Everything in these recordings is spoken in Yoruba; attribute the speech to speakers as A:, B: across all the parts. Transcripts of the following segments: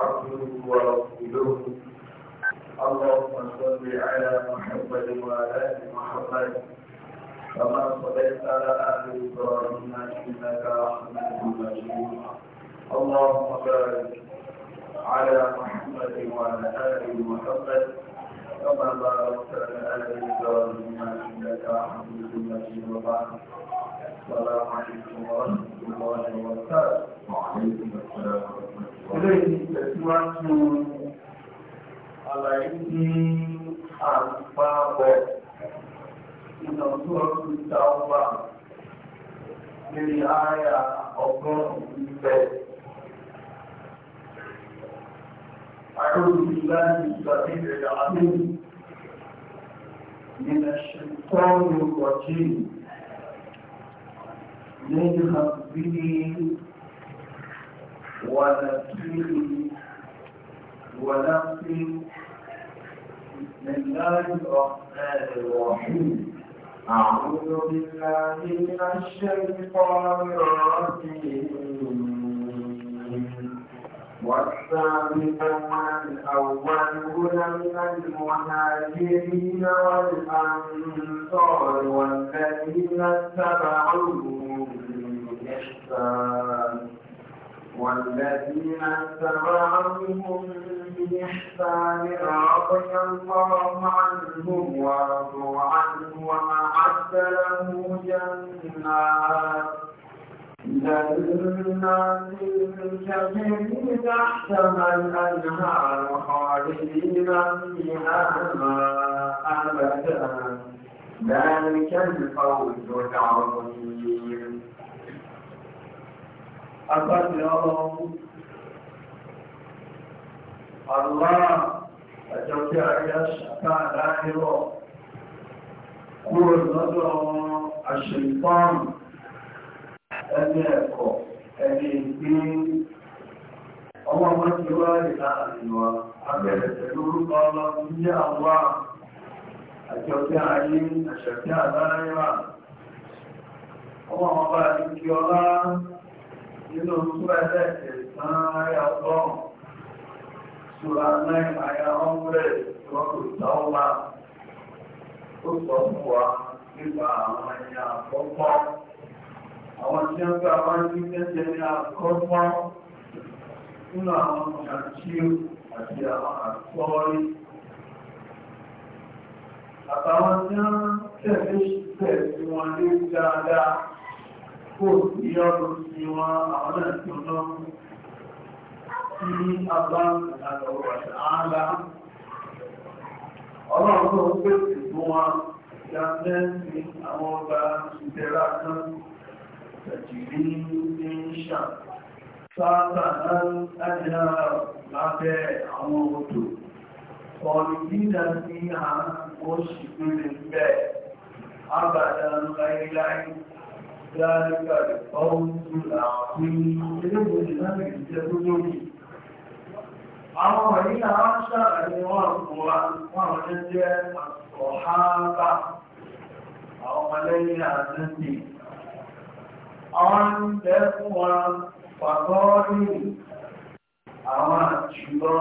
A: عبده ورسوله اللهم صل على محمد وعلى ال محمد كما صليت على ال ابراهيم انك حميد مجيد اللهم بارك على محمد وعلى ال محمد كما باركت على ال ابراهيم انك حميد مجيد وبعد السلام عليكم ورحمه الله وبركاته وعليكم السلام ورحمه الله ilé ìtẹ̀síwájú àlàyé ní àpapọ̀ nínú tó ọdún ìdáwọ́wà lórí ààyà ọgọ́rùn-ún ìfẹ́. أعوذ بالله السميع العليم من الشيطان الرجيم ونفسه ونفسه بسم الله الرحمن الرحيم أعوذ بالله من الشيطان الرجيم والسابقون الأولون من المهاجرين والأنصار والذين اتبعوهم بإحسان والذين اتبعوهم بإحسان رضي الله عنهم ورضوا عنه وأعد له جنات جنات تجري تحتها الأنهار خالدين فيها أبدا ذلك الفوز العظيم agbájẹ ọlọ́run àlùmáà àjọ tí ayé ṣàtà láàrírọ̀ kúrò lọ́dọ̀ àṣẹ̀fọ́n ẹni ẹ̀kọ́ ẹni ìgbé ọmọ ọmọ tí wá ìlà àríwá abẹ̀rẹ̀ pẹ̀lú orúkọ ọlọ́run ní àwọ́ àjọ ayé àṣẹ̀fẹ́ àláàrírà ọmọ ọmọ bá ní kí ọlá nínú súra ẹ̀kẹ̀ tán ayà ọgọ́rùn súra náà ayà ọmọrẹ̀ lọ́kùn tọ́wà ó sọ fún wa nípa àwọn ẹni àkọ́kọ́ àwọn tí wọ́n gbà wá ní ẹ̀jẹ̀ ní àkọ́kọ́ nínú àwọn ṣàkíyò àti àwọn àkọ́rí àtàwọn tí wọ́n tẹ̀lé ṣùgbẹ́ tí wọ́n lé dáadáa kò ní ọdún sí wọn àwọn náà tí ó náà tí a bá ń gbàlọ́wọ́ ààlá ọlọ́run tó ń pèsè fún wa ìjàmẹ́ ní àwọn ọba ìdẹ́ra kan tẹ̀jìrí ní ṣà sáàtà náà lájá lábẹ́ àwọn odò ọ̀rìnlẹ́dà sí àwọn oṣìpínlẹ̀ bẹ́ẹ̀ àbàdàn láíláí ذلك الفوز العظيم يجب لنا الجدول àwọn wọ̀nyí náà ń ṣàrẹ̀ wọn àkùnwà wọn àwọn jẹ́ ọ̀háàbà àwọn ọmọlẹ́yìn àtẹ́sì àwọn ìbẹ̀ fún wọn pàtọ́rí àwọn àjùlọ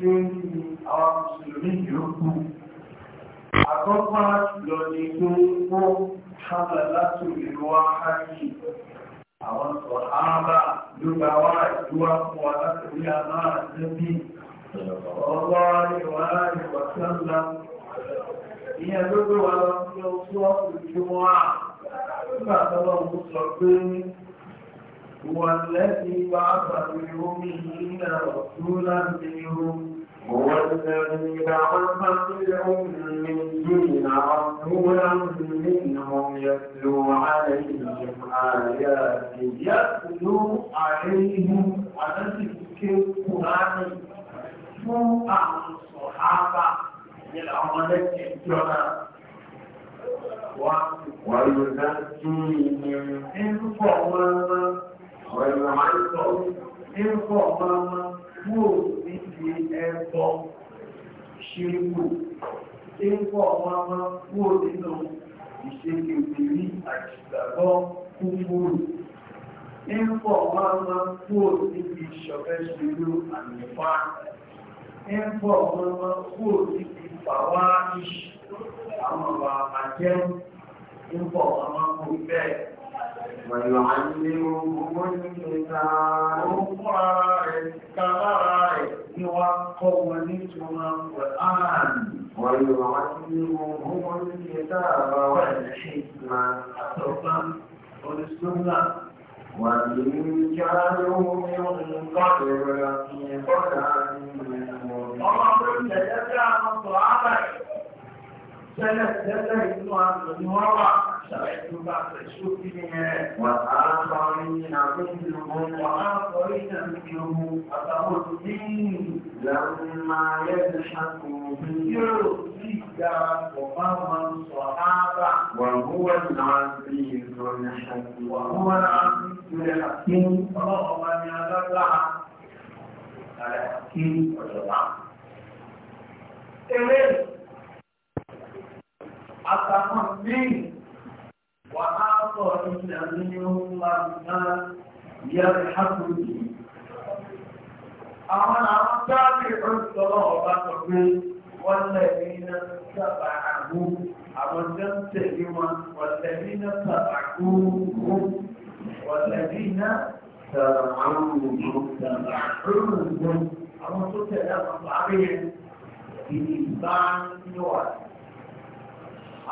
A: ní àwọn mùsùlùmí yòókù àkọ́kọ́ حملت الواحد àwọn sọ̀háábà ló bá wá ìdúwà fún wa láti rí àmá àjẹ́bí ọwọ́ ìwà ìwàsánlá ìyẹn ló gbé wa lọ sí ọjọ́ ìjọmọ́ à nígbà tọ́lọ́ ń sọ pé wọ́n lẹ́sìn bá bàbá omi yìí ọ̀tún láti rí omi هو الذي بعث في دين رسولا منهم يتلو عليهم آياته يتلو عليهم ونسك القرآن سوء الصحابة للعملة الجنة ويزكيهم إن صغرنا ويعزهم إن صغرنا kúrò níbi ẹ̀kọ́ ṣíríkù tí ń pọ̀ ọmọ kúrò nínú ìṣẹ́lẹ̀ ìrírí àìṣìgbàgbọ́ kúkúrù tí ń pọ̀ ọmọ kúrò níbi ìṣọ̀fẹ́ ṣílú àmìfà tí ń pọ̀ ọmọ kúrò níbi fàwá ìṣ àwọn ọ̀rọ̀ àjẹ́ ń pọ̀ ọmọ kúrò bẹ́ẹ̀ ويعلمكم الكتاب كذلك يوقوا نسمى القرآن ويعلمهم الكتاب والحكمة حسبا والسنة وإن كانوا من قبل في ضلال مبين. اللهم إنك تعلم صعبك وآخرين مثلهم وآخرين مثلهم فتردين لما يلحقوا وهو العزيز الحكيم وهو العزيز الحكيم اللهم يا الله الحكيم والله àtàwọn mẹ́rin wà á sọ ìlànà ìlànà ìyàrá ìhàkùnrin àwọn àwọn dáàbì ọ̀sọ̀rọ̀ ọba sọ pé wọ́n lẹ̀mí iná sábà àgbó àwọn tó ń tẹ̀lé wọn wọ́n lẹ̀mí iná sábà àgbó wọ́n lẹ̀mí iná sábà àgbó sábà àgbó àwọn tó tẹ̀lé àwọn bàbá yẹn ìdí bá ń yọ̀ àti.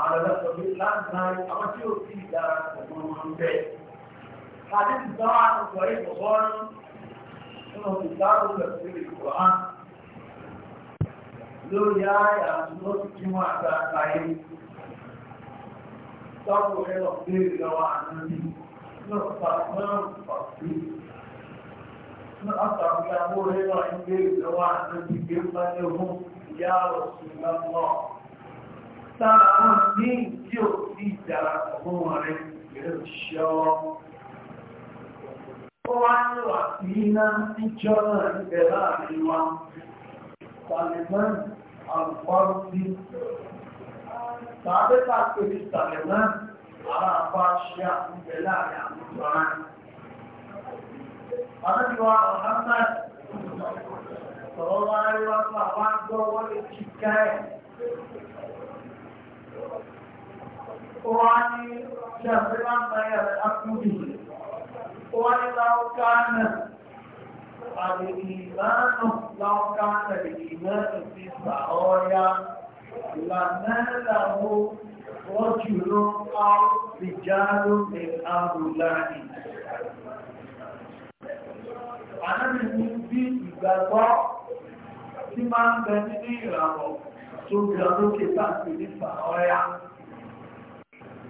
A: àlọ́lọ́sọ ní láàrin àwọn tí ó sì dára pẹ̀lú orí bẹ́ẹ̀. Adé ti sọ àtúntò ìfọ̀sọ́rí nínú ìdáàbò pẹ̀lú ìkọ̀ án lórí ààyè àtúntò tí wọ́n àgbà àgbáyé. Sọ́kù rẹ̀ lọ sí ìlọ́wọ́ àdúgbò náà pàtàkì pàtàkì. Ní àtàkùn ìyàwó rẹ̀ lọ sí ìlọ́wọ́ àdúgbò gbé pẹ́lú ìyá ọ̀sùn lọ́wọ́. sára wọn ní tí ò sí ìdára fún rẹ̀ ìrẹ́ òṣìṣẹ́ ó wá ní wà sí iná níjọ́ náà níbẹ̀ láàrin wa Salman alfarsi tàbí tàbí ní Salman ara bá ṣe àkúgbẹ̀ láàrin àmúgbà rẹ̀ القرآن شهرا فيلحق به ولو كان الإيمان لو كان الإيمان في السرايا لناله رجل أو رجال من أولئك Ànábì ní bí ìgbàgbọ́ tí máa ń bẹ nínú ìràwọ̀ tó gbà lókè tàbí ní Fàọ́yá.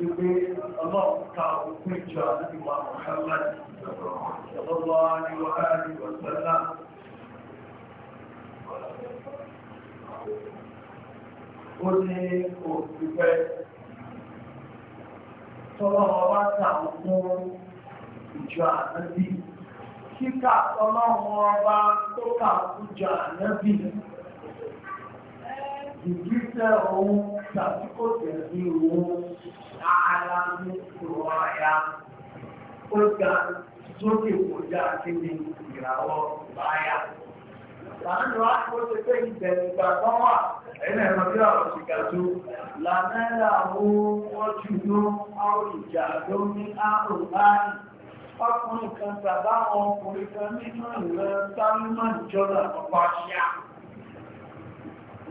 A: wípé ọlọ́ọ̀ta òkun ìjọ àti wà Muhammad ọlọ́lọ́ àríwá àríwá sẹ́lá ó ní òfìfẹ́ tọ́lọ́ ọba ta òkun ìjọ àti kíkà tọ́lọ́ ọba tó kà fún ìjọ àti ìgbésẹ̀ ohun tàbí kò tẹ̀lé ohun ààlà ní ìrọ̀ ó ga sókè kọjá kíni ìràwọ̀ báyà. Láàánú àkóso pé ìbẹ̀rù ìgbà wà ẹ̀yìn ẹ̀rọ bí ọ̀rọ̀ sì ga tó. Làmẹ́lá ohun wọ́n jù ló àwọn ìjà ló ní àrùn báyìí. Ọkùnrin kan tàbá ọkùnrin kan nínú ìlẹ̀ Sálímọ̀ ìjọba àpapọ̀ àṣà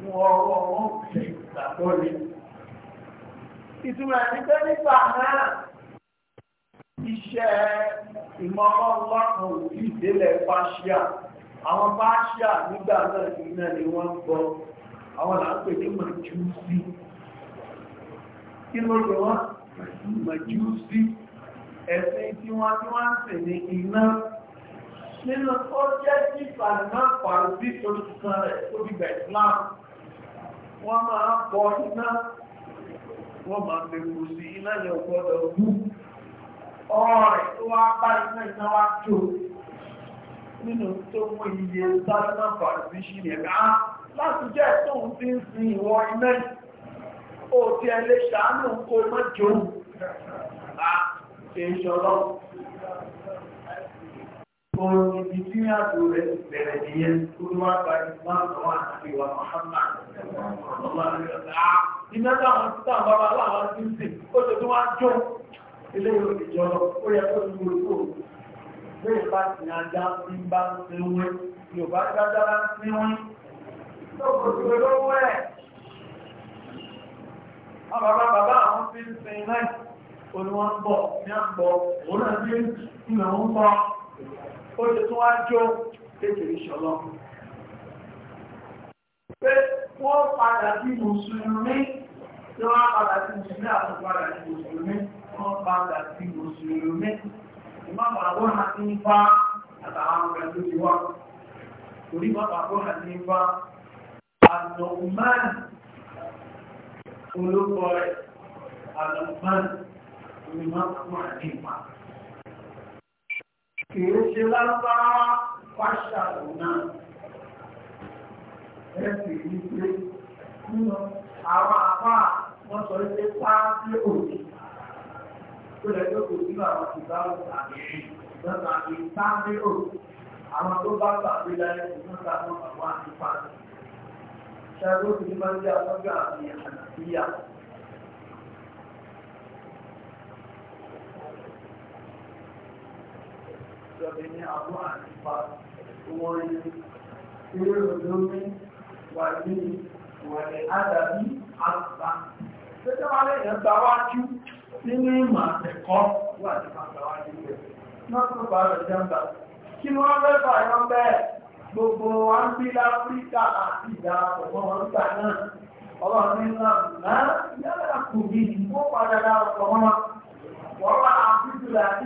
A: fún ọwọ́ wọn fi ìgbàgbọ́ rẹ̀. ìtumọ̀ nípa nípa náà iṣẹ́ ìmọ̀ọ́lọ́pọ̀ òbí ìdílẹ̀ pàṣíà àwọn pàṣíà nígbà náà iná ni wọ́n ń bọ àwọn làápẹ̀ ní màjúsí kí ló lọ wọ́n màjúsí ẹ̀sìn tí wọ́n tí wọ́n ń sìn ní iná nínú ó jẹ́ tí ìfàdínà pàrọ̀ sí tó wọ́n máa kọ iná wọ́n máa bẹ̀rù sí iná yẹn gbọ́dọ̀ wú ọ̀rẹ́ tó wá bá iná iná wá jò nínú tó mú iye sáyẹ́nà fàájú sí ẹ̀gá láti jẹ́ tó ń fi ń sin ìwọ iná ó ti ẹlẹ́ṣàánú kó mọ́jọ́ òun ibi tí àtò rẹ̀ bẹ̀rẹ̀ nìyẹn tó ní wá gba ìgbà àwọn àtàríwá Muhammad iná táwọn tí táwọn bàbá aláwọ̀ ti ń sìn ó ṣe tó wá jó ilé ìjọ ó yẹ kó ní orúkọ bẹ́ẹ̀ bá ti ajá tí ń bá ń fi wé Yorùbá dájára ń fi wé lọ́pọ̀ tó lọ́wọ́ ẹ̀ bàbá ń sin náà ń bọ̀ ní àpọ̀ òun náà bí ìlànà ó ṣe tún wá jó kékeré ṣọlọ. pé wọ́n padà sí mùsùlùmí tí wọ́n padà sí mùsùlùmí àti padà sí mùsùlùmí wọ́n padà sí mùsùlùmí. àwọn àtàwọn ọ̀rẹ́ ti wá. torí àwọn kìí ṣe lágbára fáṣàlù náà
B: ẹ̀sì wípé
A: nínú àwọn àpá wọ́n sọ wípé pàápí òkè tó lẹ́jọ́ kò sí àwọn ìbáwọ̀ tàbí ìjọba àwọn tó bá tàbí láyé ìjọba àwọn àwọn àti pàápí ṣàgbọ́n ti máa jẹ́ àtọ́jú àti àlàáfíà ìjọba ní àwọn àtìpá wọ́n ní ìrò lómi wà ní ìwọ̀lẹ̀ àdàbí àtìpá. Tẹ́tẹ́ wá lẹ́yìn gbáwájú nínú ìmọ̀ àtẹ̀kọ́ wà ní pàtàwájú rẹ̀. Nọ́ọ̀tún bá rẹ̀ jẹ́mbà. Kí ni wọ́n fẹ́ fà yọ bẹ́ẹ̀? Gbogbo wa ń bí Áfíríkà àti ìdá ọ̀gbọ́n wọn gbà náà. Ọlọ́run ní náà, náà yára kù bí ìgbó padà dá ọ̀pọ̀ wọn. Wọ́n wá àfíjù láti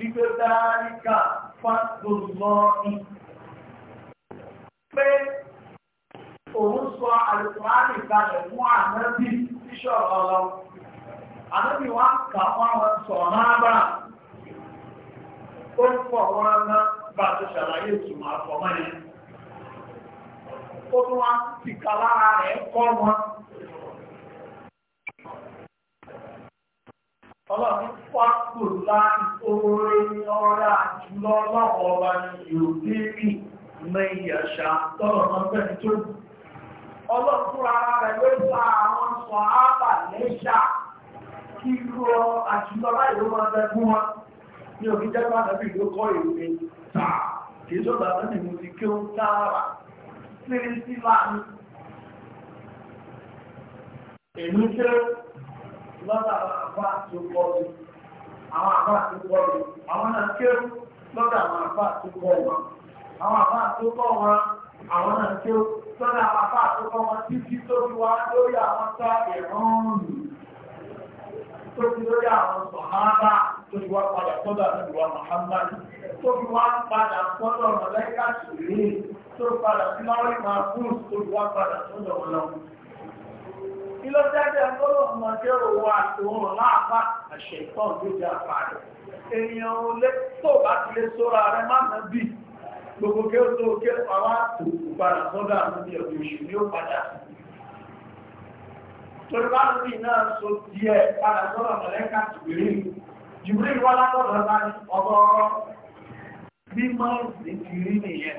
A: wípé dáríkà fàtòlọ́ọ̀ì pé òun sọ àlùkùránì kalẹ̀ fún ànábì tíṣọ̀ ọlọ́ ànábì wá kà wọ́n sọ̀rọ̀ ábà ó ń pọ̀ wọ́n ná bá a ti ṣàlàyé ìtumọ̀ àfọ̀mọ́ yẹn ó tún wá ti kà lára rẹ̀ kọ́ wọn. ọlọ́ni pàpò láti oore ọ̀rá jùlọ lọ́wọ́ ọba ni ìròdé rí mẹ́yìn àṣà tọ́lọ̀ náà fẹ́ni tó bù. ọlọ́pùn ara rẹ̀ ló sá àwọn sọ ábà lẹ́ṣà kí rọ àjùlọ láì ló máa bẹ fún wọn ní òbí jẹ́gbà nàbí ló kọ́ ìròdé tà lọ́dọ̀ àwọn àbá tó kọ́ àwọn àbá tó àwọn náà kéwù lọ́dọ̀ àwọn tó wọn àwọn àbá tó wọn àwọn náà kéwù lọ́dọ̀ àwọn tó wọn títí tó fi wá lórí àwọn tó fi lórí àwọn sọ̀hánà tó fi wá padà sọ́dọ̀ àdúgbò Muhammad tó fi wá padà sọ́dọ̀ mọ̀lẹ́kà ṣùgbọ́n tó padà sí wá padà kí ló dájẹ́ ọgọ́rùn-ún ọmọdé òwò àtòun láàpá àṣẹ ìtàn yóò jẹ́ àpá rẹ̀ èèyàn ò lè tó bá ti lè sóra rẹ̀ má mọ́ bí gbogbo kí ó tó kí ó pàwá tó padà sọ́dọ̀ àwọn ibi ọ̀dọ̀ oṣù ni ó padà torí bá ń rí náà so díẹ̀ padà sọ́dọ̀ mọ̀lẹ́ka tìbírí jùbírí wọ́n látọ̀dọ̀ bá ní ọgọ́rọ́ bí mọ́ọ̀sì ti nìyẹn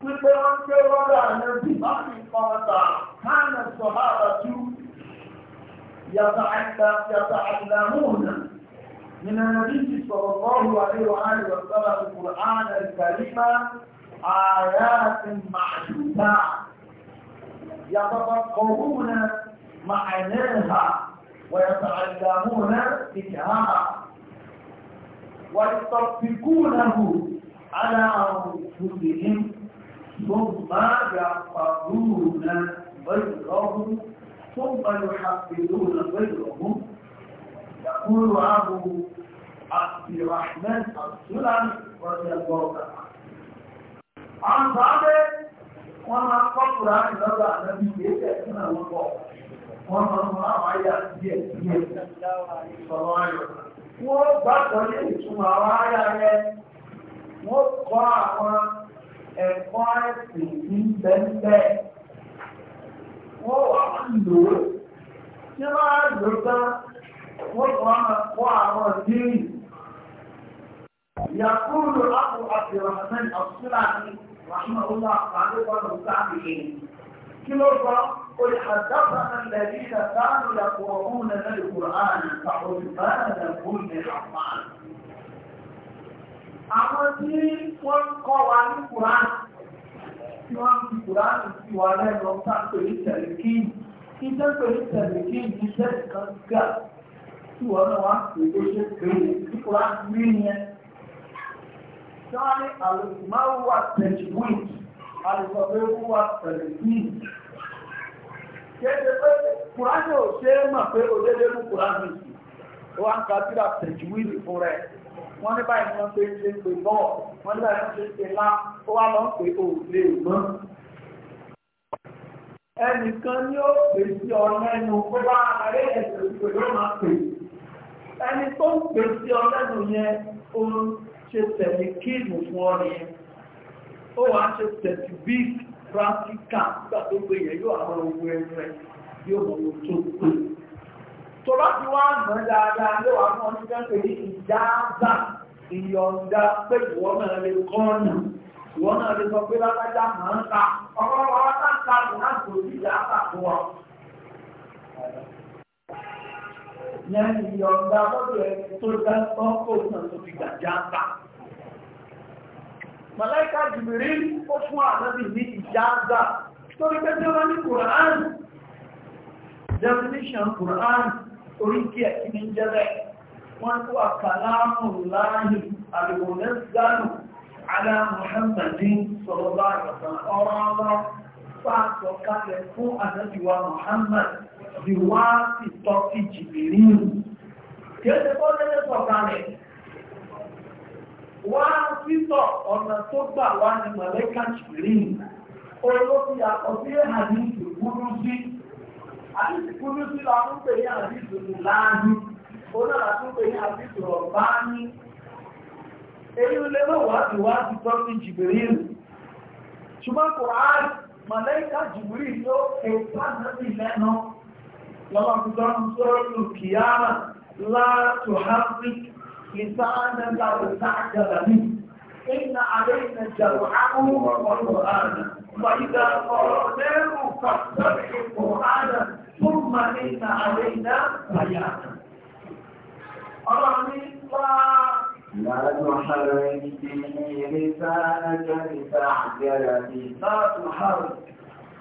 A: كان الصحابة يتعلمون من النبي صلى الله عليه وآله وسلم القرآن الكريم آيات معدودة يتفقهون معناها ويتعلمون ذكرها ويطبقونه على أنفسهم ثم يحفظون غيره ثم يحفظون غيره يقول عبو عبد الرحمن السلام رضي الله تعالى عن بعد وما قبر عن رضا النبي يجب أن يكون الوقوع وما قبر عن رضا النبي يجب أن يكون الوقوع وما قبر عن رضا النبي يجب أن يكون الوقوع ẹ̀kọ́ ẹ̀sìn ní bẹ́ẹ̀ wọ́n wà ń lò ó tí wọ́n á lò tán wọ́n kọ́ kọ́ àwọn ìdíyì yàkúrò àpò àbìrànmẹ́n ọ̀sùnláàmì رحمه الله تعالى ومستعملين كل رأى قل حدثنا الذين كانوا يقرؤون القرآن فحرمانا كل حرمان àwọn tí wọ́n kọ́ wa ní Kùrán tí wọ́n fi Kùrán sí wa lẹ́nu ọ̀sán pẹ̀lú tẹ̀lẹ̀kín iṣẹ́ pẹ̀lú tẹ̀lẹ̀kín iṣẹ́ kan gà tí wọ́n náà wá pè é ṣe pèlè tí Kùrán rí yẹn sáré àlùmáwò wà tẹ̀síwìn àlùkọ̀bẹ́wò wà tẹ̀lẹ̀kín kéde pé Kùrán yóò ṣe é mọ̀ pé òdédé mú Kùrán mi sí wọ́n á ń ka síra tẹ̀síwìn fún rẹ̀ wọ́n ní báyìí wọ́n pé ṣe ń pè bọ́ọ̀ wọ́n ní báyìí wọ́n ṣe ń pè lá ó wá lọ pé ò lè mọ́. ẹnìkan ni ó pè sí ọ̀nà ẹnu pé bá àárẹ̀ ẹ̀sìn òṣìṣẹ́ ló máa pè. ẹni tó ń pè sí ọ̀nà ẹnu yẹn ó ń ṣe tẹ̀lé kíìmù fún ọ nìyẹn. ó wàá ṣe tẹ̀sí bíi pírátíkà nígbà yẹn yóò àwọn ohun ẹ̀rọ yóò mọ̀ tó pè tó bá ti wá mọ̀ dáadáa ló wà fún ọdún kan pèlú ìjáàbá ìyọ̀ǹda pé ìwọ náà lè kọ́ọ̀nà ìwọ náà lè sọ pé lágbájá máa ń ta ọ̀pọ̀lọpọ̀ wa tá ń ta lù náà kò sí ìjáàbá fún wa. yẹn ìyọ̀ǹda lọ́dọ̀ ẹ̀ tó dá ọ́kọ̀ náà tó fi gbàjáàbá. Màláìka jìbìrí ó fún ànábì ní ìjáàbá torí pé tí wọ́n ní Kùrán definition Quran oríkì ẹ̀kí ní jẹ́bẹ̀ wọ́n tó wà kàlámù láàáyì àlùmọ̀lẹ́ gánù alá Muhammadin sallallahu alaihi wasallam ọ̀rọ̀ ọlọ́ fàtọ̀ kalẹ̀ fún àdájúwà Muhammad bí wá sí tọ́kì jìbìrínù kí ó ti kọ́ lẹ́lẹ́ sọ̀kalẹ̀ wá títọ̀ ọ̀nà tó gbà wá ní mọ̀lẹ́kà jìbìrínù olóbi àkọsílẹ̀ àdínkù gúrú sí àdìsí kúrú sí la tún pè ní àdìsí láàánú oná la tún pè ní àdìsí ọ̀bá ní èyí lè mọ́ wáàdì wáàdì tó ní jìbìrìlù ṣùgbọ́n kò áàrì màlẹ́kà jìbìrì ló ẹ̀ka nàbì lẹ́nu lọ́wọ́ kúta ń sọ̀rọ̀ lù kìyàmà láàtò hàbí ìsáàdà láwùjá àjàlá ní ìnà àlẹ́ ìnà jàrò àwọn وإذا قرأناه فاتبع القرآن ثم إن علينا بيانا لا تحرك به لسانك لتعجل به لا تحرك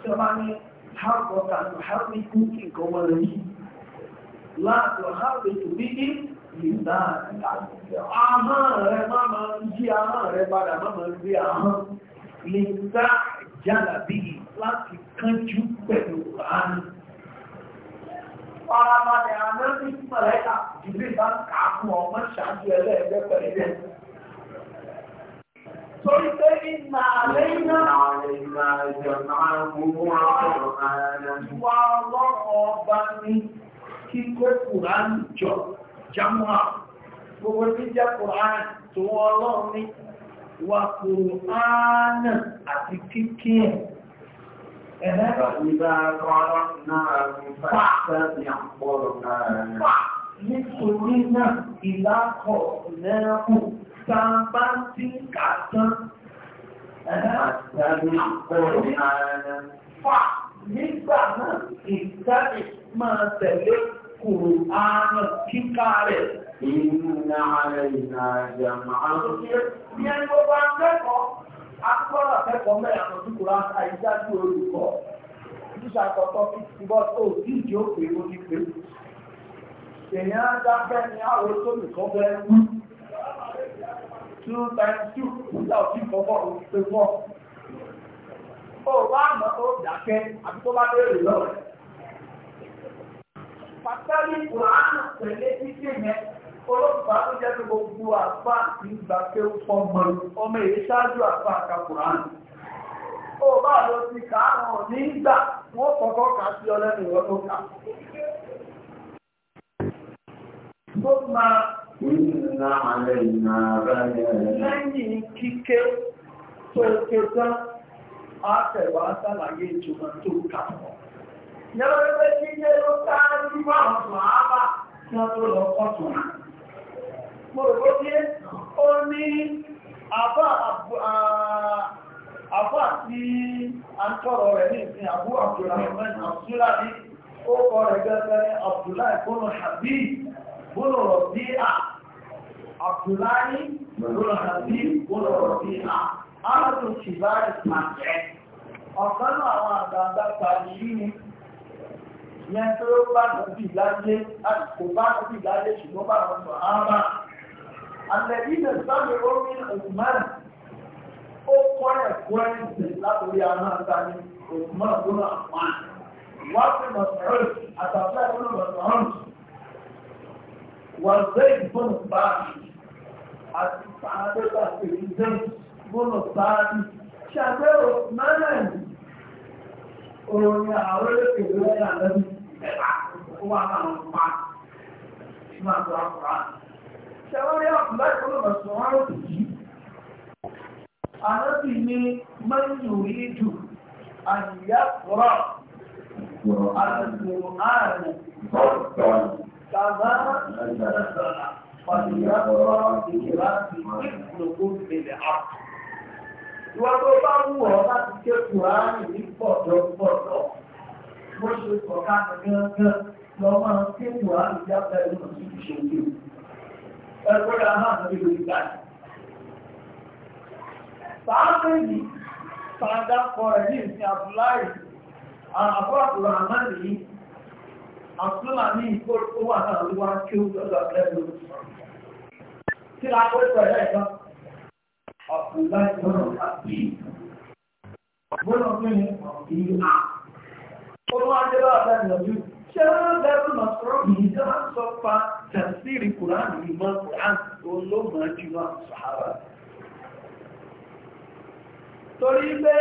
A: سمعني حركك تحرك كوالي لا تحرك به لسانك أعمال ما من جي أعمال بعد ما من جي أعمال لسانك jálà bí láti kánjú pẹ̀lú àánú. Farabalẹ̀ àná ní mọ̀lẹ́ta jùlọ ìbá kàákù ọmọ ṣáájú ẹlẹ́ẹ̀gbẹ́ pẹ̀lú ẹ̀. Torí pé ní màálé náà, wà lọ́rọ̀ ọba ní kíkó Kùránì jọ, jámọ́ Gbogbo tí jẹ́ Kùránì tó wọ́n lọ́rùn ní wà kòrò ánà àti kíkí ẹ̀ Ìgbà kọ́rọ̀ náà ní fàṣẹ́ ìyàpọ̀rọ̀ náà. Nítorí náà, ìlàkọ̀ lẹ́rù sáàbá tí kàtán. Àtàbí nígbà náà, ìtàbí máa tẹ̀lé Kùrùánà kíkà rẹ̀ inú láàrẹ ìrìnàjà máa ń ṣe bí ẹni ó bá ń kẹ́kọ̀ọ́. Akọ́lá kẹ́kọ̀ọ́ mẹ́rin àtọ́jú kùrá àìjájú olùkọ́. Ìjúṣà àkọ́kọ́ fi ti bọ́ tó ìdíje ó pè ó ní pé. Èèyàn á dábẹ́ ní àwọn tó nìkan bẹ́ẹ̀ wú. Two times two, ìjà òfin fọ́fọ́ òfin Ó bá àmọ́ ó dákẹ́ àbí tó bá bẹ̀rẹ̀ lọ́rẹ̀ pàtàkì kùránù pẹ̀lẹ́ títí yẹn ọlọ́pàá tó jẹ́ pé gbogbo àpá ìgbà pé ó fọmọ ọmọ èyí ṣáájú àpá àka kùránù ó bá lọ sí káàrùn nígbà wọ́n kọ́kọ́ kà sí ọlẹ́nu ìwọ́n tó kà tó máa Lẹ́yìn kíké tó ké tán, á ìjọba tó kà wọ́n lọ́wọ́ pé jíjẹ́ ló sáájú mọ́ àwọn sọ̀hábà tí wọ́n tó lọ kọ́tùn. Mo rò ó dé, ó ní àbá àti àtọ́rọ̀ rẹ̀ ní ìsìn àbú Abdulrahman Abdullahi, ó kọ rẹ̀ gẹ́gẹ́ Abdullahi Bono Habib, Bono Rọ̀bíà, Abdullahi Bono Habib, Bono Rọ̀bíà, Aláàtò Ṣìbáyé Pàṣẹ. Ọ̀kan náà àwọn àgbààgbà pàdé yìí yẹn tó bá nàbí láyé kò bá nàbí láyé ṣùgbọ́n bá wọn sọ ámà àlẹ́bí nà sábẹ̀ omi ọ̀gbọ́n ó kọ́ ẹ̀kọ́ ẹ̀sìn látòrí àmà tani ọ̀gbọ́n tó nà pa wọ́n fi mọ̀sọ̀rọ̀ àtàwọn ẹ̀kọ́ mọ̀sọ̀rọ̀ wọ́n zẹ́yìn bọ́ọ̀nù báyìí àti sàádọ́ta pèlú zẹ́yìn bọ́ọ̀nù báyìí ṣàgbẹ́rò mẹ́rẹ̀ẹ̀dì òun ni àwọn olókèlú ẹ̀yà lẹ́bí mẹ́ta ó wà láwọn pa nínú àgbà àkùrá. Ṣẹ̀wọ́n rí àkùrá ìfowópamọ́ sọ wọ́n rò yìí. Ànábì ni mẹ́yìn òrí jù àyíyá kúrọ̀. Àlùkò ààrùn tọ̀tọ̀n. Bàbá Nàìjíríà pàdéyà kúrọ̀ ìkìlá ti ìgbòkó bèbè àpò. Ìwọ́n tó bá wù ọ́ láti ké Kùránì ní pọ̀jọ́pọ̀jọ́ wọ́n ṣe sọ̀ká gẹ́gẹ́ lọ máa kéèkù àrùjá pẹ̀lú ìṣẹ́ òkè. Ẹgbẹ́ àwọn àti ìlú ìdájì. Fàáfẹ́lì fàádá kọ ẹ̀dí ìsìn Abdullahi, àbọ̀ àbúrò àmàlì yìí, àtúnlà ní ìkó tó wà náà ló wá kí ó lọ́dọ̀ lẹ́nu. Kí la kó pẹ̀lú ẹ̀dá? ọdún ajẹ́lá àtàkìyànjú ṣe lẹ́rù màsọ́rọ̀ yìí tó máa ń sọ pa tàṣírí kùránì ìmọ̀ kùránì olóòmọ̀ jùlọ sàárà torí pé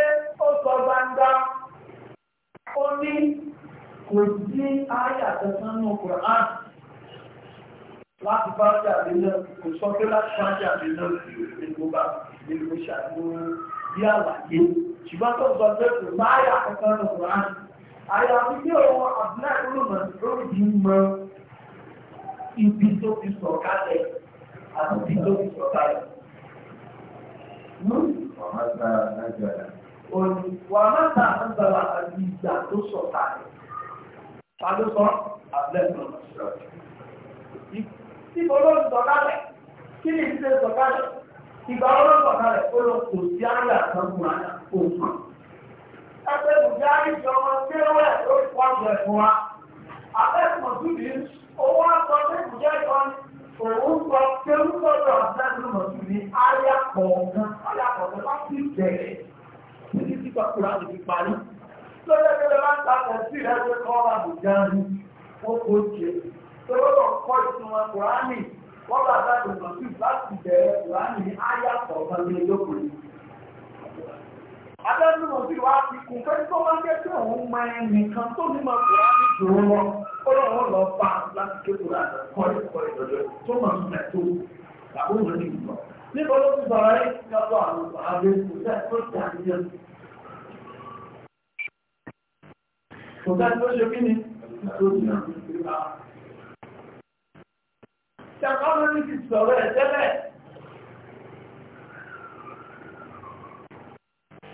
A: ó sọ gbangba ó ní kò sí àyà tẹ̀sán nù kùránì láti bá jáde náà kò sọ pé láti bá jáde àyàfi tí òun àbúlá ìgbóhùnmọ̀ lórí ti mọ ibi tó fi sọ̀ kálẹ̀ àti ibi tó fi sọ̀ kálẹ̀. Wà mẹ́ta àgbàlá àti ìgbà tó sọ̀ kálẹ̀. Ta ló sọ àbúlá ìgbóhùnmọ̀ sọ̀rọ̀? Ibo ló ń sọ̀ kálẹ̀? Kí ni ìdílé sọ̀ kálẹ̀? Ìgbà lọ kò sí àyà kan fún àyà kò sùn ẹgbẹ́ bùhárí jọmọ kéwẹ̀ lórí pọ́ọ̀lù ẹ̀fọ́ wa abẹ́kùn túbí owó àtọ́ ní bùhárí kan òun sọ kéwù sọ́dọ̀ àbẹ́kùn mọ̀túbí ayá kọ̀ọ̀kan ayá kọ̀ọ̀kan bá ti bẹ̀rẹ̀ títí tí kọkùnrin àti fi parí lọ́jọ́gbẹ́lẹ́ bá ní adájọ́ náà sì wá fi kún fẹ́ tó máa ń jẹ́ pé òun máa ń nìkan tó ní máa kúrò ní ìṣòro lọ ó lọ wọn lọ bá láti kékeré àgbà kọ́ ẹ̀kọ́ ìdọ̀jọ́ tó máa ń fẹ́ tó tàbí òun ní ìlú níbo ló ti sọ̀rọ̀ ẹ̀ lọ́wọ́ àwọn ààrẹ kò sẹ́ tó dà ní ẹ̀ kò sẹ́ tó ṣe kí ni tó ti nà ní ìlú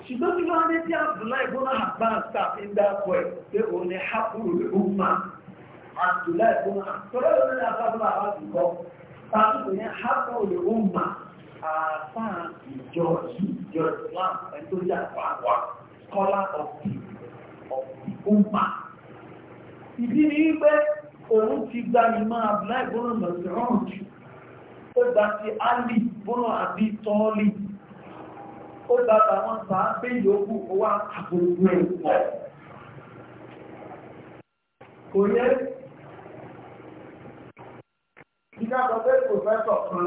A: ṣùgbọ́n tí wọ́n ní tí Abdullahi bọ́lá àgbáǹsà fi ń dápọ̀ ẹ̀ pé òun ni hapuru rẹ̀ ó ma Abdullahi bọ́lá tọ́lá ló ní afábọ́lá àwọn àdìgbọ́ tàbí kò ní hapuru rẹ̀ ó ma àfáà ìjọ ìjọ Islam ẹni tó yà wá wá kọ́lá ọ̀pì ọ̀pì ó ma. ìdí ni wípé òun ti gba ìmọ̀ Abdullahi bọ́lá lọ́sẹ̀ rọ̀ǹdì ó gba ti Ali bọ́lá àbí tọ́lì ó gba tàwọn sàábé yòókù ó wá àbòrògbò ẹ̀ pọ̀. kò yẹ kíkà sọ pé pòfẹ́sọ̀ kan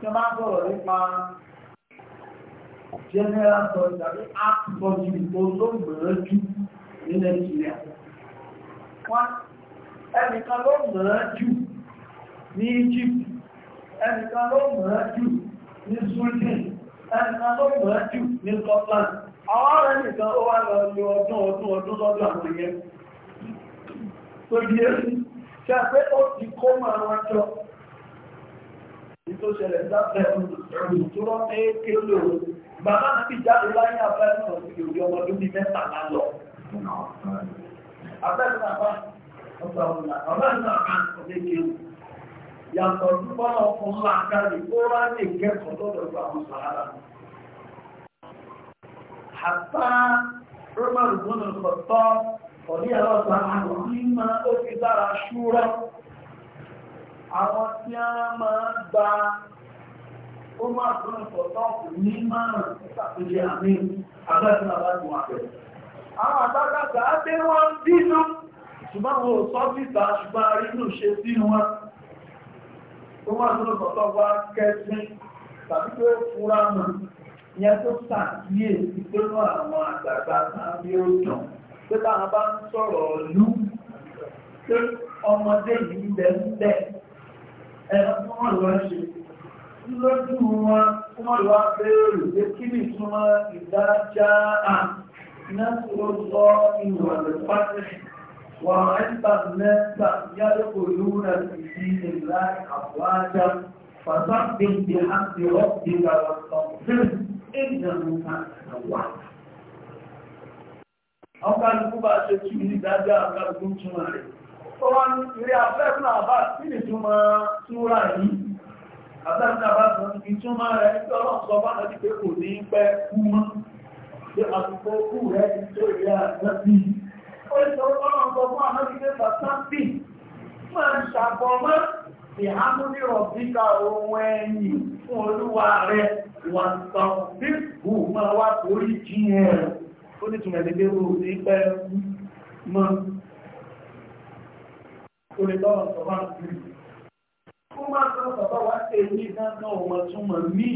A: tí wọ́n bá ń sọ̀rọ̀ nípa general sọ̀rọ̀ tàbí act sọ̀rọ̀ tó lóògbèrè jù ní nàìjíríà. wọ́n ẹnìkan ló mọ̀ọ́ jù ní Egypt ẹnìkan ló mọ̀ọ́ jù ní Sweden ẹ̀nà ló mọ̀ jù ní scotland àwọn ọ̀rẹ́ nìkan ó wá lọ ní ọdún ọdún ọdún lọ́dún àwọn ìyẹn tó di èsì ṣe pé ó ti kó máa wọn jọ ní tó ṣẹlẹ̀ sáfẹ́ ọdún tó rọ́ pé kéèlò bàbá náà ti jáde láyé abẹ́rẹ́ náà sí òbí ọmọdún bíi mẹ́tàlá lọ abẹ́rẹ́ náà bá ọ̀sán ọ̀nà abẹ́rẹ́ náà bá ọ̀dẹ́kẹ́wò yàtọ̀ bọ́lá ọkùn lágbàrí ó rá lè kẹ́kọ̀ọ́ lọ́dọ̀ ìgbà àwọn sàárà. Àtà Romaru Gbọ́nà Kọ̀tọ́, ọ̀dí àlọ́ta àwọn mímọ́ ó fi dára ṣúra. Àwọn tí a máa gba Romaru Gbọ́nà Kọ̀tọ́ kò ní máa ṣàpèjì àmì àgbàtí àbájú àpẹẹrẹ. Àwọn àgbàgbà àdé ṣùgbọ́n wọn ò sọ́ síta ṣùgbọ́n arínú ṣe sínú wọn tó máa tó lọ́tọ̀ wá kẹ́sìn tàbí tó fura mọ́ yẹn tó ṣàkíyèsí pé wọ́n àwọn àgbààgbà náà ní ó tàn pé táwọn bá ń sọ̀rọ̀ lú pé ọmọdé yìí bẹ̀ ń bẹ̀ ẹ̀rọ tó lọ ṣe lójú wọn tó wọ́n lọ béèrè pé kí ni ìtumọ̀ ìdájá à náà tó lọ sọ ìwà lẹ́pàtẹ́sì وعند الناس يدخلون في دين الله أفواجا فسبح بحمد ربك واستغفره إنه كان توابا àwọn kálukú bá ṣe tí ní dájá kálukú ń túnmà rẹ̀. ó wá ní ilé afẹ́fún àbá tí lè túnmà túnra yìí afẹ́fún àbá tó ń fi túnmà rẹ̀ nítorí ọ̀rọ̀ sọ bá lọ pé kò ní pẹ́ kú mọ́ pé àtúkọ́ kú rẹ̀ tó ìrẹ́ àjọ́ sí ó sọ ọlọ́run sọ fún àná ti fẹ́ sàtàbí máa ń ṣàbọ̀mọ́ ìhámúlé ọ̀bíkà ohun ẹ̀yìn fún olúwa rẹ̀ wà sàbíkù máa wá torí jí ẹ̀ ó ní túnmẹ̀ lé lérò ní pẹ́ mọ́ ó lè lọ́rọ̀ sọ máa ń Ó máa sọ bàbá wá sí ẹni dáná ọmọ túnmọ̀ ní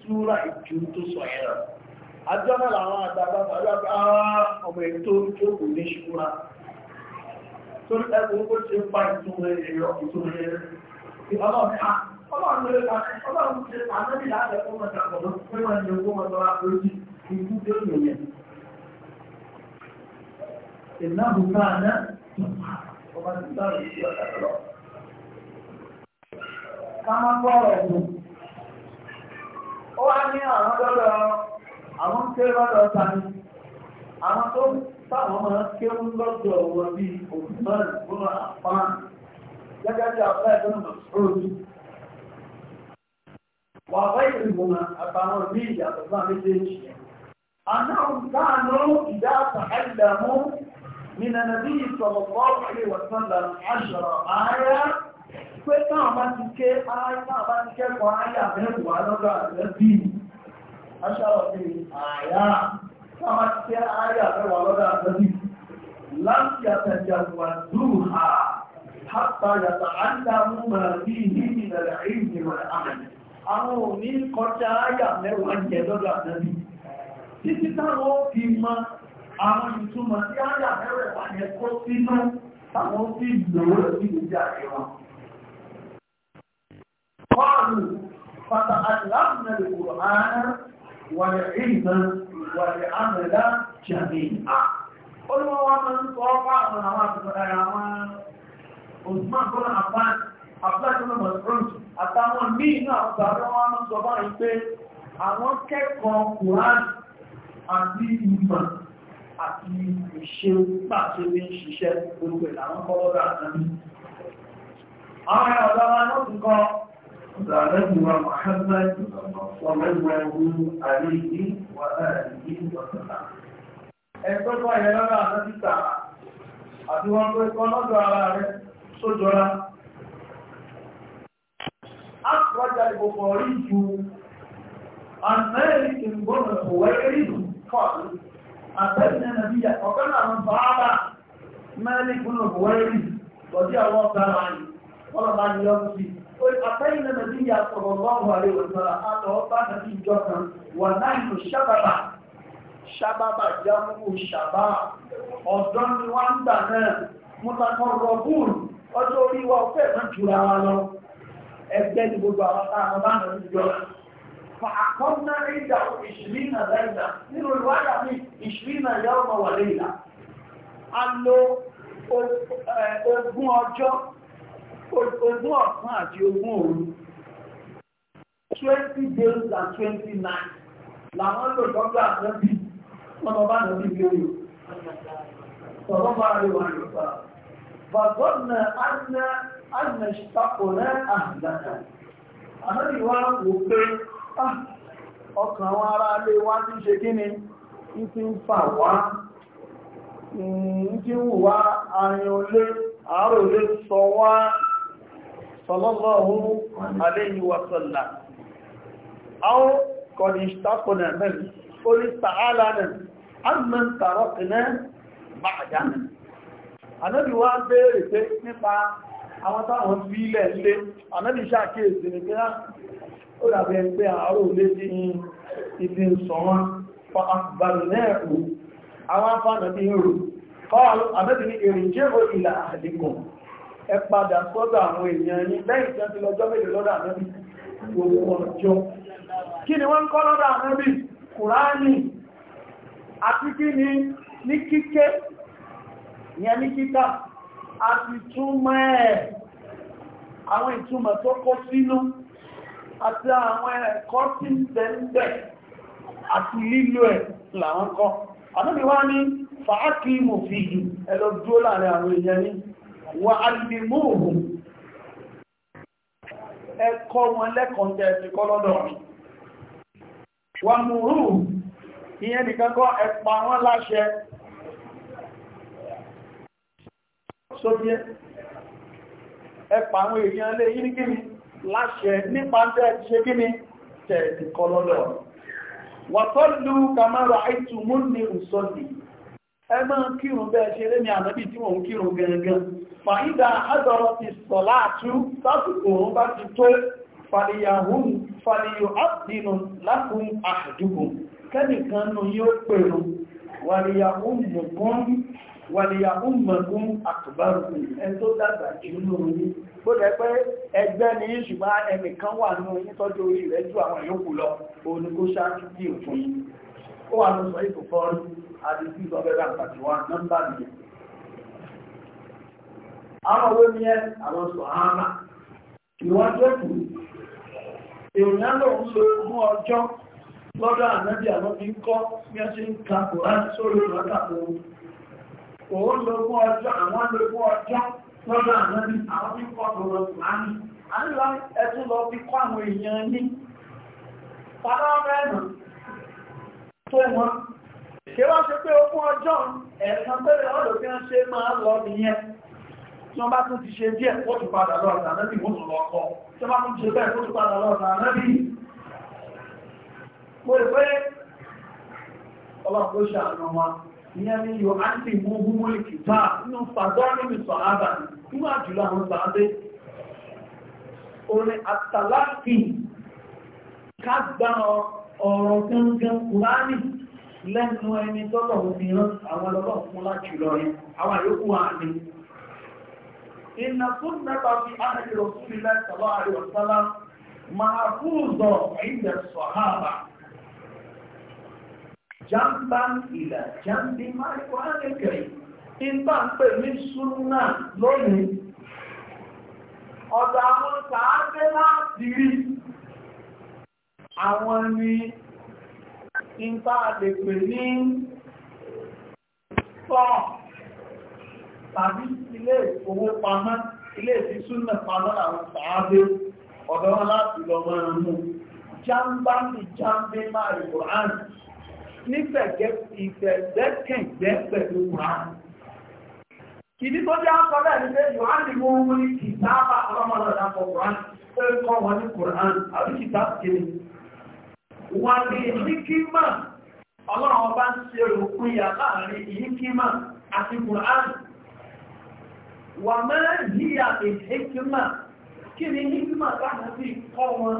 A: súrà ìjú tó sọ àjọ́nà làwọn àgbàgbà pàdé ọmọ ètò ìjókòó ní ṣúra tó ní ẹgbùn ó ṣe ń pa ìtumọ̀ èrò ìtumọ̀ èrò ọlọ́run ọlọ́run ṣe àmẹ́bí láàrẹ fún ọmọ ìtàkọ̀ọ́ fún ìwọ̀n ni ogún ọmọ ọlọ́run lórí ikú tó yẹ̀yẹ̀ ìnáàbù náà náà ọmọ ìtàkọ̀ọ́ ìṣẹ́ Ká máa gbọ́ ọ̀rọ̀ ọ̀gbọ̀n. Ó wá ní àwọn ọ̀dọ́dọ̀ أمام كيرانا ثاني أما توم تماما كيرون برضو وبي عثمان ولا أفان لكن جاء بعد أنا مسعود وغير هنا أتانا ميديا تزامن ليش أنهم كانوا إذا تعلموا من النبي صلى الله عليه وسلم عشر آية فكان ما تكي آية ما تكي آية من الوالد الدين aṣáwọ̀ sí àyà sáwá tí àyà mẹ́wàá lọ́dọ̀ àtẹ́bí láti àtẹ̀jà wà dúhà hápa yàtà àdàmú màá bí nínú ìrẹ̀lẹ̀ ìrìn rẹ̀ àmì àwọn òní kọjá àyà mẹ́wàá jẹ lọ́dọ̀ àtẹ́bí títí táwọn fi mọ àwọn ìtumọ̀ tí àyà mẹ́wàá yẹn kó sínú táwọn fi lòó sí ìjà ìwà والعلم والعمل جميعا olúwọ́ wọn máa ń kọ́ fáwọn àwọn àtìsọ̀rọ̀ àwọn osman kọ́nà afghan afghan kọ́nà mọ̀sùlùmí àtàwọn míì náà ọgbàrán wọn máa ń sọ báyìí pé àwọn kẹ́kọ̀ọ́ Quran àti ìmọ̀ àti ìṣe pàṣẹ ní ṣiṣẹ́ gbogbo ìlànà kọ́lọ́dọ̀ àtàmì àwọn ọ̀dọ́ wa زاده محمد صلى عليه وآله وسلم ẹgbẹ́ tó ayẹ lára àti títà àti wọ́n pẹ́ kọ́ lọ́dọ̀ ara rẹ̀ tó jọra a kọjá ìgbòkò rí ju àmẹ́rin ìgbòmọ̀ òwẹ́ rí jù fọ́ọ̀lù àtẹ́sìn nàbíyà ọ̀kan àwọn mẹ́rin òwẹ́ rí àwọn láàrín أتينا النبي صلى الله عليه وسلم أن أعطى نبي جوكا ونحن شبابا شبابا جمع شباب ọ̀dọ́ ni wọ́n ń gbà náà mọ́tàkọ́ rọ̀bùn ọjọ́ orí wa ò fẹ́ẹ̀ máa jùlọ wa lọ ẹgbẹ́ ni gbogbo àwọn táwọn bá nà ń jọ فعقمنا عيدا عشرين ليلة من الرواية من عشرين يوم وليلة قال له ogún ọjọ́ ogún ọ̀sán àti ogún òru twenty days and twenty nights làwọn lò lọ́gbà àtẹ́bí wọn bá nà bí lóyò sọ̀rọ̀ bá rí wọn rí pa bàbọ́nà àná àná ṣàpọ̀ náà àdàkà wò pé ah, ọkàn àwọn ará ilé wa ti ṣe kí ni ti ń fà wá sallallahu alayhi wa sallam aw qad ishtaqna min qul ta'ala amman tarakna ba'dana Ànábì wá béèrè pé nípa àwọn táwọn fi ilẹ̀ lé Ànábì ṣàkíyèsí ní pé ó dàbí ẹgbẹ́ àárò lé sí ibi sọ̀wọ́n fa àbàrùn-ún àwọn afánàbí ẹ padà sọ́dọ̀ àwọn èèyàn yìí lẹ́yìn tí wọ́n ti lọ́jọ́ mélòó lọ́dọ̀ ànábì gbogbo ọjọ́ kí ni wọ́n ń kọ́ lọ́dọ̀ ànábì kùránì àti kí ni ní kíké ìyẹn ní kíkà àti túmọ̀ ẹ̀ àwọn ìtumọ̀ tó kó sínú àti àwọn ẹ̀kọ́ àti ẹ̀ wà alìmúhùn ẹkọ́ wọn lẹ́kọ̀ọ́ tẹ́ ti kọ́ lọ́dọ̀ mi wà múrù ìyẹn nìkan kọ́ ẹ̀pà wọn láṣẹ sóbíẹ́ ẹ̀pà àwọn èèyàn lé yí ní kíni láṣẹ nípa tẹ́ ti ṣe kíni tẹ́ ti kọ́ lọ́dọ̀ wà tọ́lú kàmárà àìtùmú ẹ máa ń kírun bẹ́ẹ̀ ṣe lé ní ànábì tí wọ́n ń kírun gangan fàídà àdọ̀rọ̀ ti sọ̀ láàtú sásìkò òun bá ti tó fàlìyàhún fàlìyò ápìnù lákùn àdúgbò kẹ́nìkan nù yóò pèrò wàlìyàhún mọ̀kún wàlìyàhún mọ̀kún àtùbárùkù ẹ tó dàgbà jù lóru ní gbọ́dẹ̀ pé ẹgbẹ́ ní ṣùgbọ́n ẹnìkan wà nù yín tọ́jú orí rẹ̀ ju àwọn yòókù lọ òun ni kó ṣáájú bí òfin ó wà lọ́sọ̀ ètò fọ́ọ̀rù àdìsí ìsọ̀bẹ̀rẹ̀ àtàkì wọn nọ́mbà àwọn owó ní àwọn sọ àmà èèyàn ń lo ọjọ́ lọ́dọ̀ ànábì àwọn bí ń kọ́ bí ń ka sórí òun ọjọ́ àwọn ọjọ́ lọ́dọ̀ ànábì àwọn bí ń kọ́ ẹtún lọ fi kọ́ àwọn èèyàn ní tó wọn kí wọ́n ṣe pé ogún ọjọ́ ẹ̀sán pẹ́rẹ ọ̀dọ̀ tí wọ́n ṣe máa lọ nìyẹn tí wọ́n bá tún ti ṣe díẹ̀ ó padà lọ ọ̀dà náà bí tí wọ́n tún ṣe bẹ́ẹ̀ ó padà lọ ọ̀dà ọ̀rọ̀ gangan kùránì lẹ́nu ẹni tọ́lọ̀ òmìnira àwọn ọlọ́pàá fún láti lọ rí àwọn àyókù wa ní iná tó nẹ́ta fi áàrẹ̀lọ fún ilẹ̀ sọ̀lọ́ àríwọ̀sálá máa fúùzọ̀ ilẹ̀ sọ̀háàbà jàmbá ilẹ̀ jàmbí máa kọ́ àrẹ́kẹ̀ẹ́ ìgbà àwọn ni ìta àdèpè ní pọ̀ tàbí ilé owó pamọ́ ilé ìfisúnnà pamọ́ àwọn sàábé ọ̀dọ́ láti lọ mọ́rin mú jàmbá ní jàmbé máa ìwòrán nífẹ̀ẹ́gẹ́ ìfẹ̀ẹ́gbẹ́kẹ̀gbẹ́ pẹ̀lú wọ́n ìdí tó jẹ́ àkọ́lẹ̀ ní pé yóò ní mú ní kìtàbà ọlọ́mọdọ̀ wà ní hikima ọlọ́run ọba ń ṣe òkun yà láàrin hikima àti Qur'an wà mẹ́rẹ́ yíya hikima kí ni hikima láti fi kọ́ wọn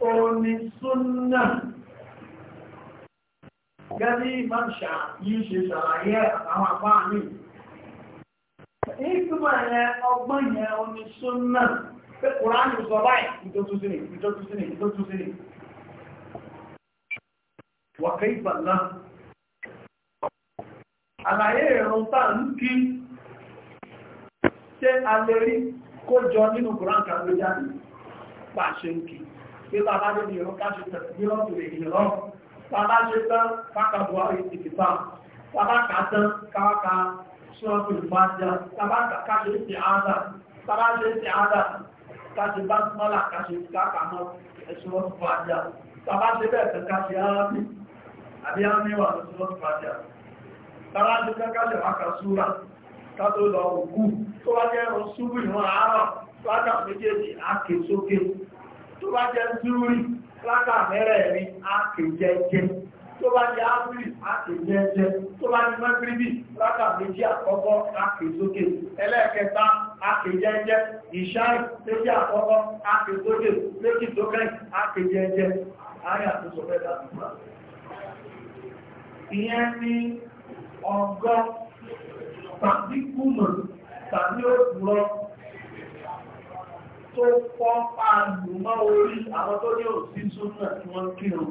A: òní súnnà gẹ́gẹ́ máa ṣà yí ṣe ṣàlàyé àwọn àpá mi hikima ọgbọ́n òní pé kùránì sọ báyìí ìtọ́tún sí ni ìtọ́tún sí ni ìtọ́tún sí ni wọ̀kẹ́ ìbàlá àlàyé ìrùn tá ń kí ṣe alẹ́rí kó jọ nínú kùránì kàwé jáde pàṣẹ ń kí pé bàbá dé ní ìrún káṣe tẹ̀sí lọ́tù lè yìn lọ́rùn bàbá ṣe tán kákàbọ̀ ìtìtìfà bàbá kà tán káwákà sọ́ọ̀tù ìfàjà bàbá kà ṣe ti àádà bàbá ṣe ti àádà káṣe bá mọ́là káṣe káàkàmọ́ ẹ̀ṣọ́ fàájà tàbá ṣe bẹ́ẹ̀ káṣe áàmì àbí áàmì wà lọ́sọ́ fàájà tàbá ṣe káṣe wákà súra kátó lọ òkú tó bá jẹ́ ṣúgbù ìwọ̀n àárọ̀ lákà méjèèjì ákè sókè tó bá jẹ́ zúrí tó bá jẹ́ ápùlì láti jẹ́ jẹ́ tó bá ní mẹ́gbìrìbì látà méjì àkọ́kọ́ láti sókè ẹlẹ́ẹ̀kẹta láti jẹ́ jẹ́ ìṣáì méjì àkọ́kọ́ láti sókè méjì sókè láti jẹ́ jẹ́ ayé àtúnṣe fẹ́ dàbí ìyẹn ní ọgọ́ tàbí kùnà tàbí òpùrọ̀ tó pọ́ pàánù mọ́ orí àwọn tó ní òsì súnmọ̀ tí wọ́n kírun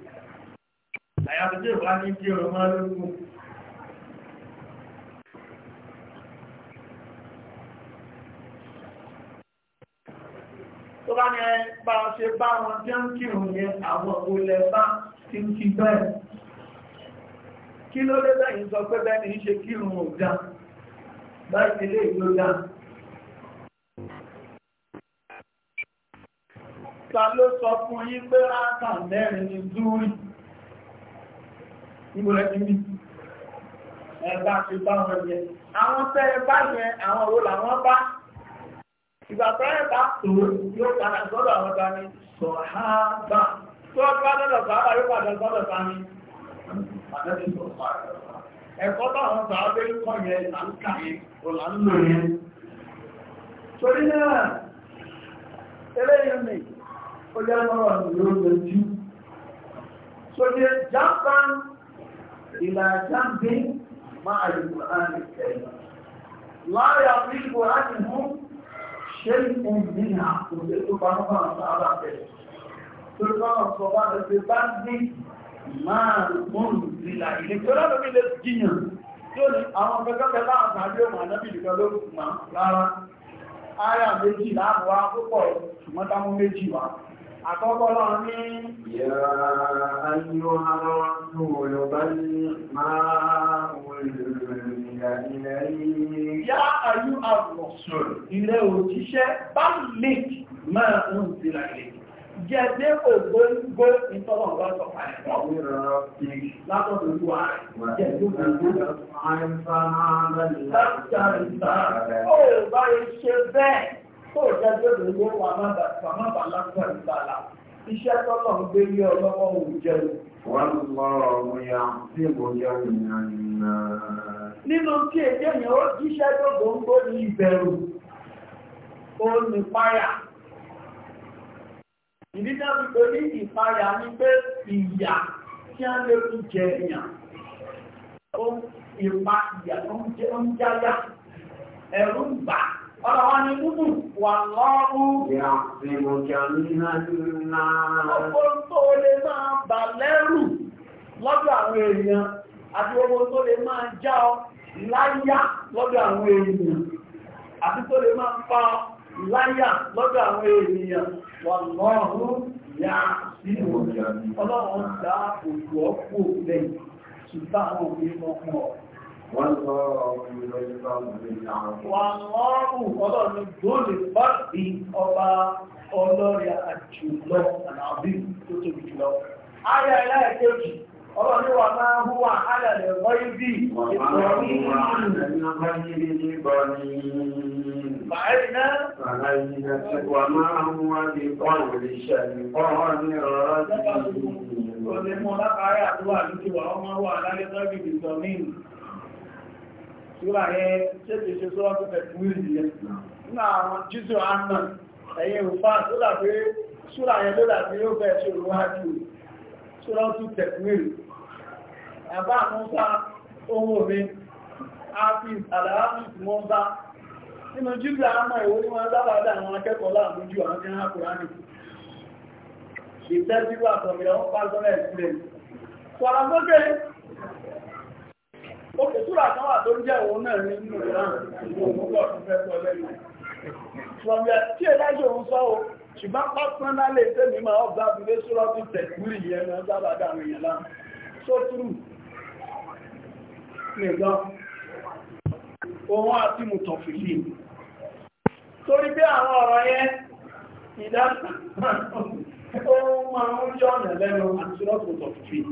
A: àyàfi tí ìbá ní kí ọmọ lókun tó bá ní bá wọn ṣe bá wọn jẹ́ ń kírun yẹn àwọn olè bá ti ń kí bẹ́ẹ̀ kí ló lé bẹ́yìn sọ pé bẹ́ẹ̀ ní ṣe kírun ò dá báyìí ilé ìlú dá ta ló sọ fún yín pé rákà mẹ́rin ní zúrí ìmúlẹ̀ ti rí ẹ̀bá ti bá wọn jẹ àwọn tẹ́ ẹ bá yẹn àwọn òwò làwọn bá ìgbà tẹ́ ẹ bá tó yóò padà sọ́dọ̀ àwọn ta ni sọ̀hábà tó ọdún bá dọ̀dọ̀ sọ̀hábà yóò padà sọ́dọ̀ ta ni ẹ̀kọ́ táwọn sọ̀hábà yóò kọ́ yẹn là ń kà yẹn ò là ń lò yẹn torí náà eléyìí ni ó jẹ́ lọ́rọ̀ ìlú lójú. So the Japan إلى جنب مع القرآن الكريم لا يضيق عنه شيء منها وقلت فنظر صعبة سلطان الصباح البابي ما من إليه ترى لم يلسجين Tóní àwọn kẹ́kẹ́kẹ́ láàrín àjọ ìmọ̀ ànábì nìkan ما لا rárá. Áyà méjì láàrùn wá púpọ̀ ṣùgbọ́n táwọn méjì Àkọ́kọ́ lọ ní Yàrá ayọ́ àwọn olùbáyé máa olùrìnà ilẹ̀ yìí. Yá ayú àwọ̀sùn ilẹ̀ òjíṣẹ́ bá lè máa ń sílà ilẹ̀. Jẹ́dé ògbóngbó ìtọ́lọ̀ lọ́tọ̀ àìsàn. Látọ̀dọ̀ tó jáde òdòdó wà má bà lásán ìtàlà iṣẹ́ tọ́lọ̀ ń gbé lé ọlọ́wọ́ òun jẹun. wọ́n lọ ọmọ ya tí mo jẹun ìrìnà. nínú tí èdè yẹn ó jíṣẹ́ lóògbó ń gbó ní ìbẹ̀rù ó ní páyà. ìdí náà fi pé ní ìpáyà ni pé ìyà tí a lè fi jẹ èèyàn ó ìpa ìyà tó ń jáyà ẹ̀rù ń bà ọlọ́wọ́ ni gúgù wà lọ́rú ọgbọ́n tó lè máa bà lẹ́rù lọ́dọ̀ àwọn èèyàn àti owó tó lè máa já ọ láyà lọ́dọ̀ àwọn èèyàn àti tó lè máa pa ọ lọ́dọ̀ àwọn èèyàn wà sí ọkọ̀ ṣùgbọ́n àwọn òbí Wọ́n sọ ọkùnrin lọ sí ọkùnrin àwọn. Wọ́n rọrùn ọlọ́run lóòlè bá bí ọba ọlọ́rẹ̀ àjùlọ àbí tó tóbi jùlọ. Ayà ẹlẹ́ẹ̀kejì, ọlọ́run wà máa ń húwà alẹ́lẹ̀ wọ́yí bí ìgbọ̀nrí Bàáyìí náà, bàáyìí náà ti wà máa ń wá bí ọ̀rọ̀ ìṣẹ̀lẹ̀ ọ̀rọ̀ ní ọ̀rọ̀ sí ìlú. Ó lè mú lápá ayà tó ìwà yẹn ṣe ti ṣe sọ́wọ́ tó fẹ̀kú ìrìnlẹ̀ nínú àwọn jíso àmà ẹ̀yẹ òfà tó dàbí ṣúra yẹn ló dàbí ó fẹ́ ṣe olúwájú ṣúra tó tẹ̀kú ìrì àbá àmúta ohun omi áfíìs àlàáfíìs mọ́ńbá nínú jíso àmà ìwò ní wọ́n lábàádà àwọn akẹ́kọ̀ọ́ láàmújú àwọn kí wọ́n Òkè súrà kan wà tó jẹ́ òun náà ní inú ìran òmúgbọ̀ tó fẹ́ sọ lẹ́yìn. Ṣọ̀bẹ̀ tí ẹ lájọ òun sọ o, ṣùgbọ́n pásán lálẹ́ ìṣẹ́ mi máa ọ̀gá abúlé súrọ́ tó tẹ̀kúrì yẹn máa sábà dá àwọn èèyàn lá. Sótúrù nìkan, òun àti mùtọ̀fìlì. Torí pé àwọn ọ̀rọ̀ yẹn, ìdá ohun máa ń yọ̀nà lẹ́nu àti rọ́pùtọ̀fìlì.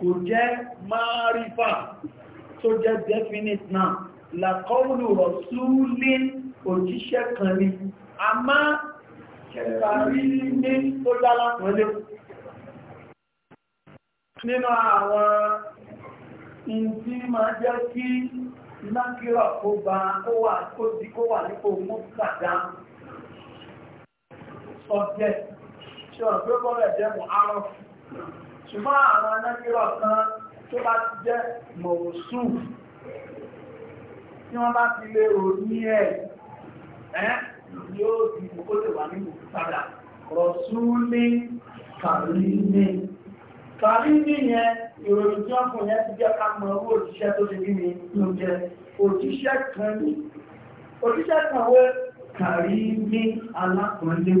A: kò jẹ́ márífà tó jẹ́ definite náà làkọ́wùlù rọ̀súlín òjíṣẹ́ kan ní a máa kẹfàrí ní tó dára pẹ̀lú nínú àwọn ìdí máa jẹ́ kí nákírà kó bá ó wà kó di kó wà nípò mú kàdá subject ṣe ọ̀gbẹ́gbọ́rẹ̀ jẹ́ mọ̀ arọ́fù ṣùgbọ́n àwọn anájírọ̀ kan tó bá ti jẹ́ mọ̀wòsù tí wọ́n bá ti lè rò ní ẹ̀ yóò di kókó lè wà nínú padà rọ̀súlé kàríní kàríní yẹn ìròyìn tí wọ́n fún yẹn ti jẹ́ ká mọ̀ owó òjíṣẹ́ tó ṣe gíní ló jẹ́ òjíṣẹ́ kan ní òjíṣẹ́ kan wé kàríní alákùnrin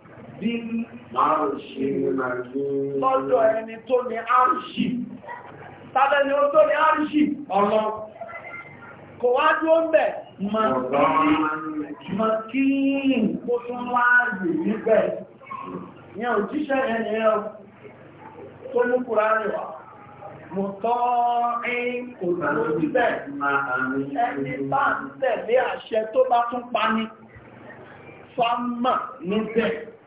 A: bí lọ́dọ̀ ẹni tó ní àrùsì tàbẹ́ ni ó tó ní àrùsì ọ̀lọ́ kò wá dúró bẹ̀ mọ̀kíyìn kó tún láàrù níbẹ̀ ní òjíṣẹ́ ẹni ẹ̀ tó ní kùránì wà mọ̀tọ́ ẹ̀yìn kò tó níbẹ̀ ẹni bá ń tẹ̀lé àṣẹ tó bá tún pa ní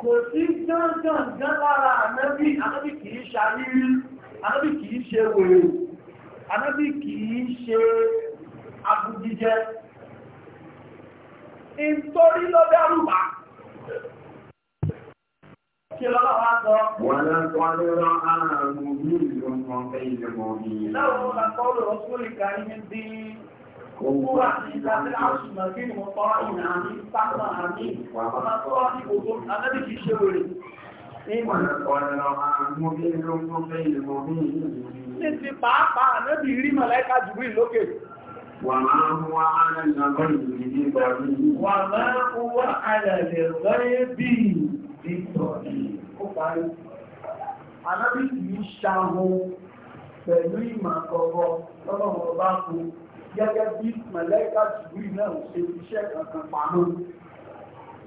A: kò sí gángan lára ànábì ànábì kìí ṣàrírí ànábì kìí ṣe wèrè ànábì kìí ṣe abújíjẹ ìtorí lọ́dẹ́rùbá Kí lọ́lọ́wọ́ sọ? Wọ́n lọ́tọ́ lọ́rọ̀ ààrùn ní ìlú kan fẹ́ ìlú mọ̀ ní. Gbogbo àti ìdájọ́ àṣùnà kí ni mo tọ́ ìnà àmì sáàmà àmì ọmọ tó wá ní gbogbo àdábì kìí ṣe wèrè. Ní ti pàápàá àdábì rí mọ̀lẹ́ka jù rí lókè. Wà máa ń wá àrẹ́gbẹ̀rẹ̀ bí ìtọ̀rí ó parí. Àdábì kìí ṣàhun pẹ̀lú ìmọ̀ àkọ́kọ́ lọ́lọ́wọ́ bá kú gẹ́gẹ́ bí mẹ̀lẹ́kà jùlọ náà ṣe iṣẹ́ kankan pamọ́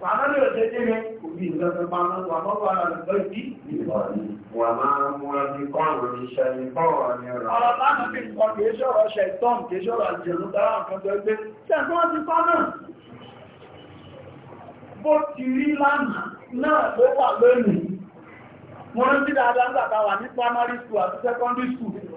A: Fàánàlè ọ̀ṣẹ́ jẹ́ rẹ̀ kò ní ìlọ́sẹ̀ pamọ́ wà mọ́ wà lọ́gbọ́ ìdí. Wà máa mú ẹbí kọ́rùn iṣẹ́ ìbọ̀wọ̀ ni ọ̀rọ̀. Ọ̀rọ̀ láti fi nǹkan kìí ṣọ́rọ̀ ṣẹ̀ tọ́m kìí ṣọ́rọ̀ àjẹ̀lú dára nǹkan tó ẹgbẹ́. Ṣẹ̀gbọ́n wọ́n ti fánà. Bó ti rí lánàá náà ló wà lónìí. Mo rántí dáadáa ń gbàtà wà ní primary school àti secondary school.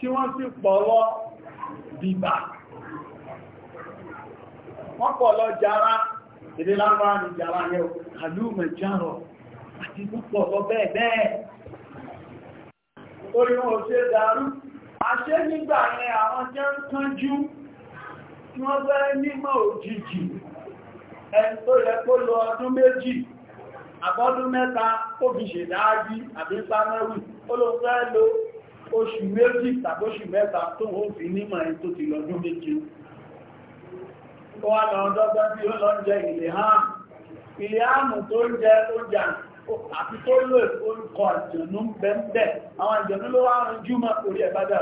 A: tí wọ́n sì pọ̀lọ́ bìbà wọ́n pọ̀lọ́ jara èdè lábára ní jara yẹ àlúmẹ̀ járọ̀ àti púpọ̀ lọ bẹ́ẹ̀ bẹ́ẹ̀ orí wọn ṣe dàrú àṣẹ nígbà yẹn àwọn jẹ́ ń kánjú tí wọ́n fẹ́ nímọ̀ òjijì ẹni tó yẹ kó lọ ọdún méjì àbọ́dún mẹ́ta ó lo oṣù méjì tàbóṣù mẹ́ta tó ó fi nímọ̀ ẹ̀ tó ti lọ́dún méje ó wá lọ ọdọ́gbọ́ tí ó lọ jẹ ìlèhàn ìlèhàn tó jẹ ó jà àti tó lò orúkọ àjọ̀nú bẹ́ẹ̀ àwọn àjọ̀nú ló wá rún júmọ́ orí ẹ̀bádà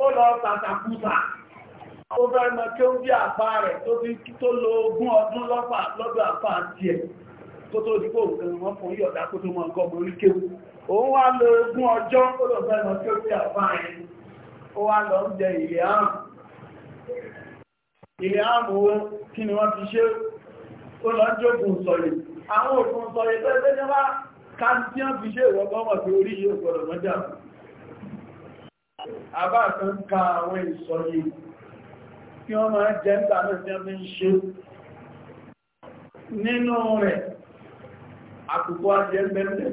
A: ọdún ó bá mọ́ kí ó bí àpá rẹ̀ tó fi tó lo ogún ọdún lọ́pàá lọ́dọ̀ àpá àti ẹ̀ tó tó dìbò nǹkan wọn fún yọ̀dá kó tó mọ́ nǹkan mọ́ orí kéwù òun wá lo ogún ọjọ́ ó lọ fẹ́ mọ́ kí ó bí àpá rẹ̀ ó wá lọ ń jẹ ilẹ̀ àrùn ilẹ̀ àrùn owó kí ni wọ́n ti ṣe ó lọ jókòó sọ̀rọ̀ àwọn òkun sọ̀rọ̀ tó ẹgbẹ́ jẹ́ wá káàkiri fi ṣe ìwọ̀gbọ́mọ̀ sí orí yóò gbọ́dọ̀ mọ́jà àbá kan ka àwọn ìsọ̀yìn tí wọ́n máa jẹ́ ń tàbí tí wọ́n fi ń ṣe nínú rẹ̀ àkùkọ ajẹ́ mẹ́rẹ̀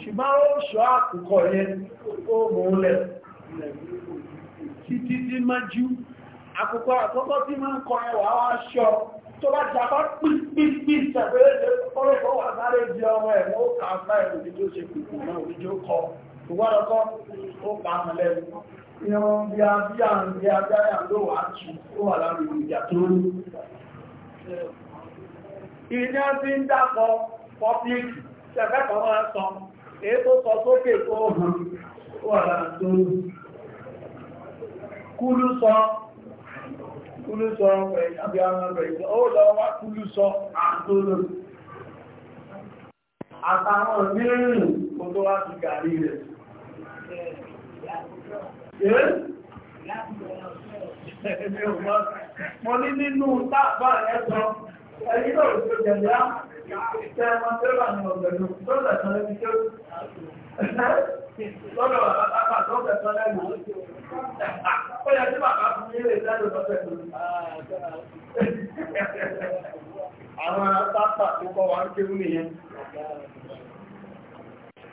A: ṣùgbọ́n ó ṣọ́ àkùkọ yẹn ó múlẹ̀ títí tí májú àkùkọ àkọ́kọ́ tí máa ń kọ ẹwà wá ṣọ́ tó bá jàpá pípípí ìṣẹ̀fẹ́lẹ́ ìwọ́rọ̀kọ́ ó pa àmàlẹ́rù ìran bí a bí a ń bí a bí a ló wà ó wà láàrin ìjà tó rú tí ń dápọ̀ ó wà Mo ní nínú táàbà ẹ̀sọ́, ẹ̀yí lórí tó jẹ̀lá, ìṣẹ́ ọmọ tó wà ní ọ̀gbẹ̀lú tó lẹ̀sọ́ lẹ́bí tó lọ́dọ̀ bàbá tó lẹ̀sọ́ lẹ́bí. Ó yẹ tí bàbá fún mi lè sẹ́lẹ̀ lọ́sẹ̀ tó. Àwọn táàbà tó kọ́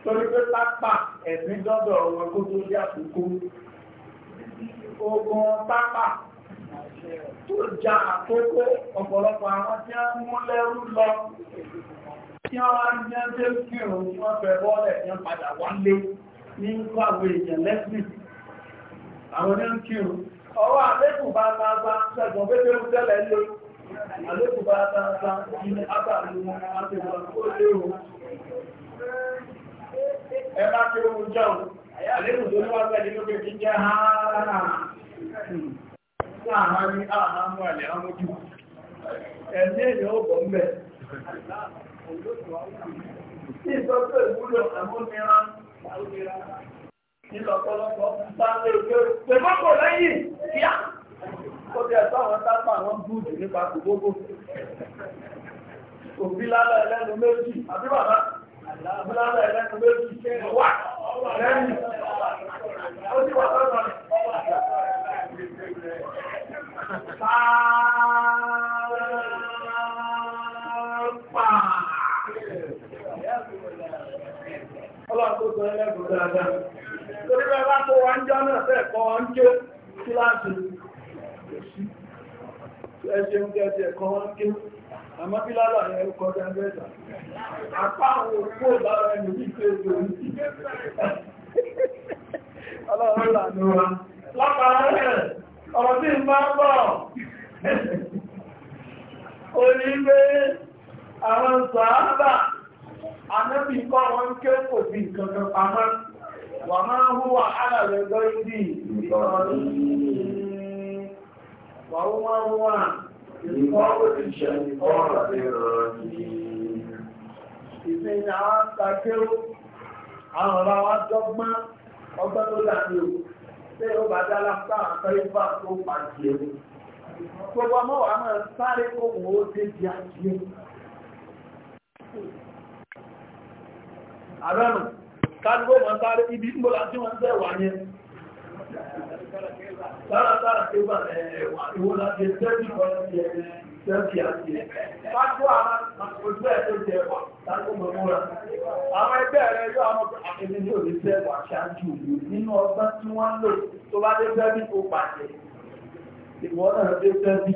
A: torí pé pápá ẹ̀sìn dọ́dọ̀ wọn kó tó yá kókó ogun pápá tó ja àkókò ọ̀pọ̀lọpọ̀ àwọn tí wọ́n mú lẹ́rú lọ tí wọ́n wá ní ẹgbẹ́ kí òun wọ́n fẹ́ bọ́ọ̀lẹ̀ ní padà wálé ní nǹkan àwọn èèyàn lẹ́sìn àwọn ní ń kírun ọwọ́ àlékùn bá ta bá ṣẹ̀gbọ́n pété ń tẹ́lẹ̀ lé àlékùn bá ta bá ní abàlú àti ìwọ̀n tó léwu
B: ẹ bá kí ló mú jọ
A: àlébù tó ní wọ́n tẹ̀lé lókè kí jẹ́
C: ààrùn
A: àmú àlẹ́ àmójú ẹ̀mí èèyàn ó bọ̀ ń bẹ̀ òbí ẹlẹ́nu méjì àbí bàbá Bùlábà ń jọ́ náà fẹ́ kọ́ ọ́n àmọ́ bí lálà ẹ̀ ń kọjá mẹ́ta apá àwọn òkú ìbára ẹni bí ṣe èdè òun sí wa lápàá ọ̀rọ̀ tí ń bá bọ̀ ní àwọn wọn ké kò wà máa gọ́ لقوة الشيطان الرجيم إذن عاتكوا àwọn ọ̀rọ̀ wa dọ́gbọ́n ọgbọ́n tó láàrin o ṣé ó bá dá lápá àtọ́ ifá tó pàdé o gbogbo ọmọ wa máa sáré kó wò ó dé di ajé àrẹ́nu kájúgbó máa sáré ibi ń bọ̀ láti wọ́n ń bẹ̀ wá yẹn Tárátárá tí ó bà ìwò láti tẹ́jì kọ́ láti ẹgbẹ́ tẹ́jì àti ẹgbẹ́. Pákó àwọn ojú ẹ̀ tó jẹ wà tákó mọ́mọ́ra. Àwọn ẹgbẹ́ rẹ̀ yóò àwọn akẹ́lẹ́ ní òní tẹ́ wà ṣáájú ìlú nínú ọgbọ́n tí wọ́n lò tó bá dé tẹ́jì kó pàṣẹ. Ìwọ náà dé tẹ́jì.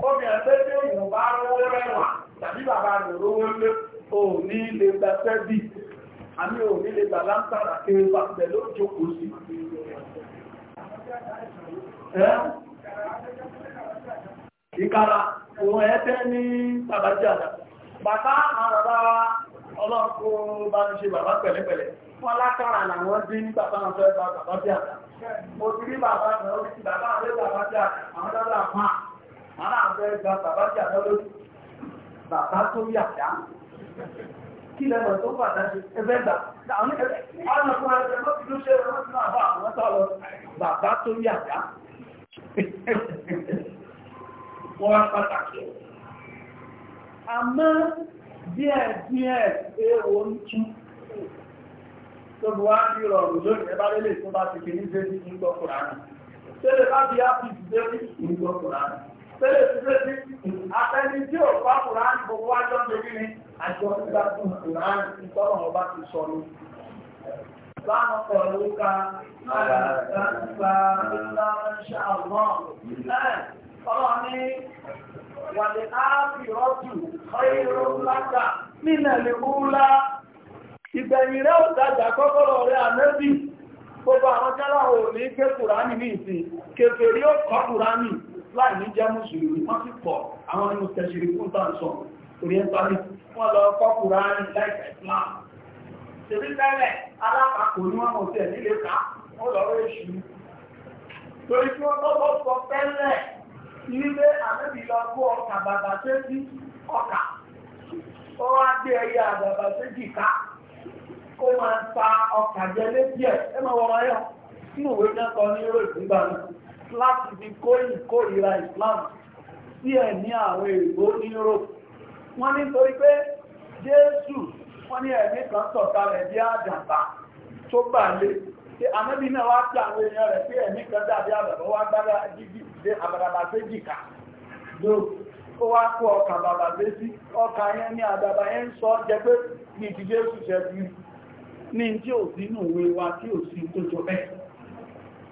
A: Obìnrin tó dé òun bá rówó rẹwà tàbí bàbá rẹ̀ rówó lé òun ní ilé gbàtẹ́jì. a òní lè gbà láńtàrà kéré bá bẹ̀ o jókòó sí ìkàrà òun ẹ̀ẹ́tẹ́ ní tàbájáda bàbá àrọ̀bá ọlọ́pọ̀ bá ń ṣe bàbá pẹ̀lẹ́pẹ̀lẹ́ wọ́n lákàrà làwọn dín ní bàbá àwọn fẹ́ bá kí lẹ́mọ̀ tó fà náà ṣe ẹgbẹ́ gbà àwọn ọmọkùnrin ẹgbẹ́ ló fi ló ṣe ẹgbẹ́ náà bá àwọn tó lọ bàbá tó yà dá wọ́n wá pàtàkì àmọ́ díẹ̀ díẹ̀ èrò ń tú tó bu wá ní ìrọ̀rùn lónìí ẹbá lélè tó bá ti fi ní ṣe ní ìgbọ́kùnrin tẹ́lẹ̀ bá bí á fi ìdílé ní ìgbọ́kùnrin tẹ́lẹ̀ tí ó ti atẹ́ni tí ò bá kùrán gbogbo àjọ níbi ni àjọ nígbà tó kùrán ìtọ́nà ọba ti sọ ní. Báwo kọ̀ ló ka aláàgbà ńlá ṣàlọ́? Ọlọ́ ní wàlẹ̀ áàbì rọ́jù lágbà nílẹ̀ lè lá. Ìgbẹ̀yìn rẹ̀ ò dàgbà kọ́kọ́rọ̀ rẹ̀ láì ní jẹ́ mùsùlùmí wọ́n ti pọ̀ àwọn nínú tẹ̀sìrì fún tàǹsọ orientalist wọ́n lọ kọ́kùnrà ní láìka islam tèmi tẹ́lẹ̀ alápapò ní wọ́n mọ̀ sí ẹ̀ nílé ká wọ́n lọ́wọ́ èṣù torí kí wọ́n tọ́kọ́ sọ tẹ́lẹ̀ nílé àbẹ́bí lọ kó ọkà bàbà séjì ọkà ó wá gbé ẹyẹ àbàbà séjì ká kó máa ta láti fi kó ìkórìíra Islam sí ẹ̀ ní àwọn èrò ní Europe wọ́n torí pé Jésù wọ́n ní ẹ̀mí kan rẹ̀ bí àdàbà tó bà lé pé náà wá pé àwọn èèyàn rẹ̀ pé ẹ̀mí kan dàbí àdàbà wá gbára jíjì dé àbàdàbà séjìká ló ó wá kó ọkà bàbà ọkà yẹn ní yẹn sọ jẹ pé ní ṣẹ́bí ní tí ò wa tí ò sí tó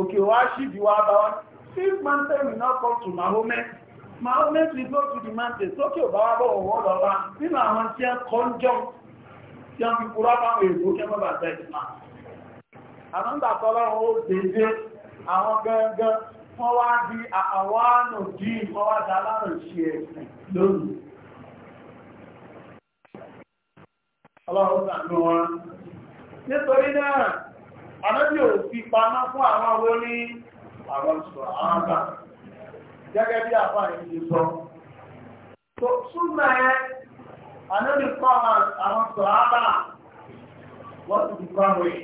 A: òkè wá ṣíbi wá bá wá six mountain will not come to Mahomet Mahomet will go to the mountain sókè ò bá wá bọ̀ wọ́n lọ bá nínú àwọn tí wọ́n kọ́ ń jọ tí wọ́n fi kúrọ́ bá wọn èrò kẹ́ mọ́bà bẹ́ẹ̀ ti máa àwọn ìgbà tọ́lọ́run ó dédé àwọn gangan wọ́n wá di àwọnù dí wọ́n wá dá lárùn ṣe ẹ̀sìn lónìí ọlọ́run sàánú wọn nítorí náà ànábì ò fi paná fún àwọn owó ní àwọn sọ àwọn àgbà gẹ́gẹ́ bí àbá yìí ti sọ. tó súnmọ́ ẹ ànábì kọ́ àwọn sọ àbá wọ́n ti fi kọ́ àwọn yìí.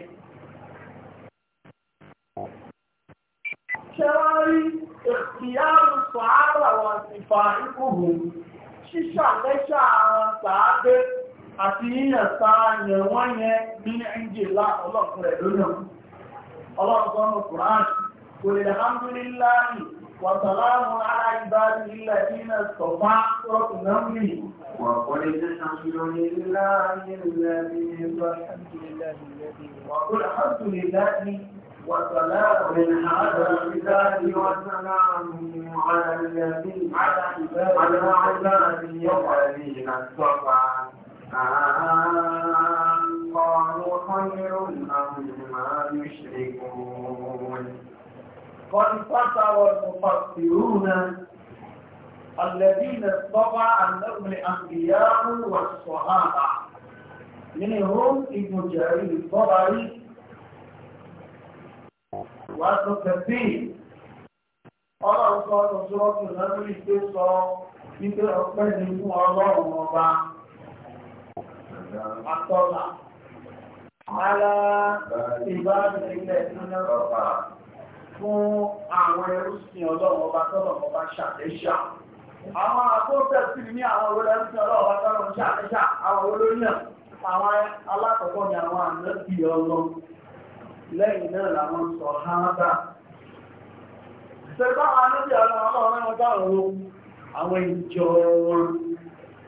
A: ṣẹ́wárí ìyáàrù sọ àbá wọn ti fa ikú hù ṣíṣàlẹ́ṣà àwọn sàádé àti yíyàta yẹ̀wọ́n yẹn ní ẹ̀ńjìlá ọlọ́pùrẹ̀ lónìí ọlọ́pùrẹ̀ kùrán kò lè alhamdulillahi wa salamu ala ibadihi alladhina istafa suratul namli wa qul alhamdulillahi alladhi wa qul alhamdulillahi wa salamu ala ibadihi wa salamu ala alladhina ala ibadihi alladhina istafa الله قد فتر المفسرون الذين اصطفى أنهم الأنبياء والصحابة منهم ابن جرير الطبري وابن كثير قال الله سورة النمل في الصلاة في أكبر من الله Akọ́lá. Ara ìbáraẹnilẹ̀ ìpínlẹ̀ ọ̀pá fún àwọn ẹrúsìn ọlọ́run ọba tọ́lọ̀ ọba ṣàtẹ́ṣà. Àwọn àkóńtẹ̀ sí ní àwọn olórí ẹrúsìn ọlọ́run ọba tọ́lọ̀ ṣàtẹ́ṣà àwọn olórí náà. Àwọn alákọ̀ọ́kọ́ ni àwọn ànábì ọlọ́run. Lẹ́yìn náà làwọn sọ̀ hánábà. Ṣẹ̀bá ànábì ọlọ́run ọlọ́run ọjọ́ àwọn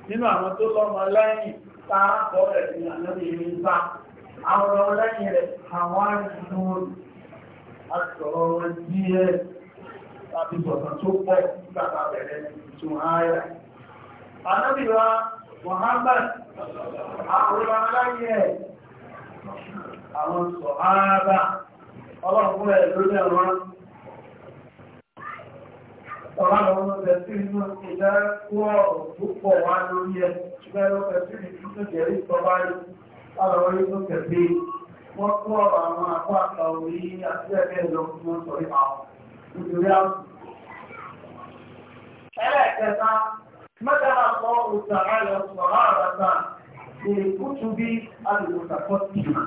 A: nínú àwọn tó lọ́mọ lẹ́yìn ta bọ́ọ̀rẹ̀ sí ànábì mi ń bá àwọn ọlẹ́yìn rẹ̀ àwọn àìsàn àtọ̀rọ̀ wọn díẹ̀ tàbí bọ̀tàn tó pọ̀ nígbàtà bẹ̀rẹ̀ tún ààrẹ. ànábì wa Muhammad àwọn ọlẹ́yìn rẹ̀ àwọn sọ̀háábà ọlọ́pùn ẹ̀ lórí ẹ̀rọ ọ̀rọ̀ àwọn ọmọ bẹ̀rẹ̀ sí inú ìdá púpọ̀ wá lórí ẹ̀ ṣùgbọ́n ẹ̀rọ pẹ̀lú ìtúntò jẹ́rí tọ́bá rí alọ́wọ́ yóò tẹ̀lé wọ́n kó ọ̀rọ̀ àwọn àpá àpá orí àti ẹ̀kẹ́ lọ fún wọn sọ̀rí àwọn nítorí àwọn. ẹlẹ́ẹ̀kẹta mẹ́tàlá kọ́ òṣà ayọ̀ sọ̀rọ̀ àràtà èkútu bí alùpùpù tìmà.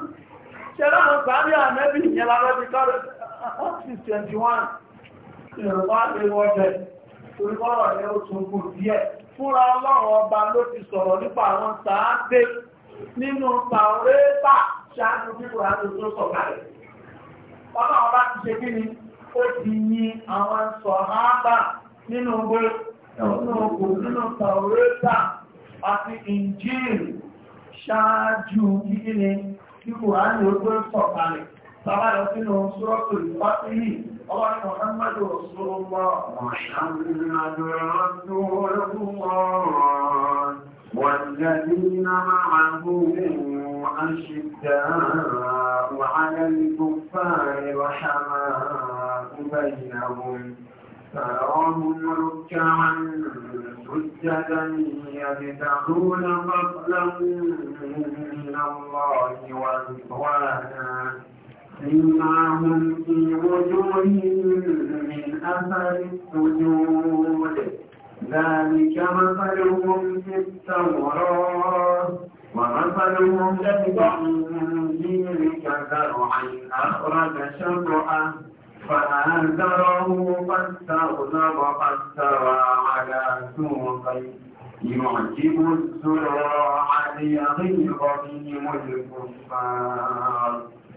A: ṣẹlẹ̀ àwọn sàárì àmẹ́bí ìyẹn lábẹ́ ti kọ́ olùkọ́rọ̀ rẹ̀ ó tún kù díẹ̀ fúnra ọlọ́run ọba ló ti sọ̀rọ̀ nípa àwọn sàábé nínú pàórẹ́pà ṣáájú kíkọ́ àti tó sọ̀kalẹ̀ ọba ọba ti ṣe kí ni ó ti yin àwọn sọ̀hábà nínú gbé nínú nínú pàórẹ́pà àti ìnjíìrì ṣáájú kíkí ni kíkọ́ àti tó sọ̀kalẹ̀ Bàbá lọ sínú ṣúrọ́tù قال محمد رسول الله محمد رسول الله والذين معه أشداء على الكفار رحماء بينهم فراهم ركعا سجدا يبتغون فضلا من الله ورضوانا سمعهم في وجوههم من أثر السجود ذلك مثلهم في التوراة ومثلهم في الإنجيل كزرع أخرج شرعه فآزره فاستغلظ فاستوى على سوقه يعجب الزراع ليغيظ بهم الكفار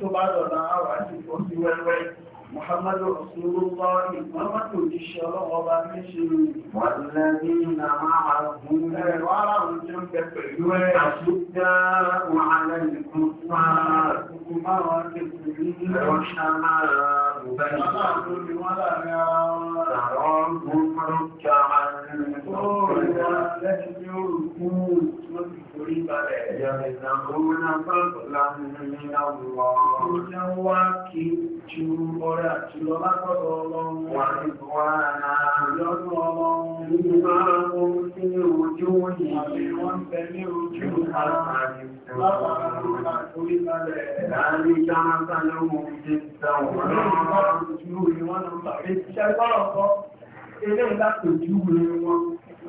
A: tó bá dọ̀nà àwà tí ó sí wẹ́wẹ́ Muhammadu Rasulullah Muhammadu òjíṣẹ́ ọlọ́wọ́ba ní ṣe wọ́n lẹ́ni na máa gún ẹ̀rọ ara òun tí ó ń bẹ pẹ̀lú ẹ̀ àṣíkà wọn alẹ́ nìkan fún ara kúkú márùn-ún kékeré ní ẹ̀rọ ṣámára ọ̀bẹ̀ ìgbà tó ní wọ́n láàrin ara wọn àwọn ọmọ ọmọ ọmọ ọmọ ọmọ ọmọ ọmọ ọmọ ọmọ ọmọ ọmọ ọmọ ọmọ orí balẹ̀ ìyàmìnàmọ́nà bọ́ọ̀lá nínú àwọ̀ ọ̀rọ̀ wá kí ju ọrẹ àti lọ́lápọ̀lọ́ ọlọ́run wà ní buhari lọ́dún ọlọ́run nínú máa mú sí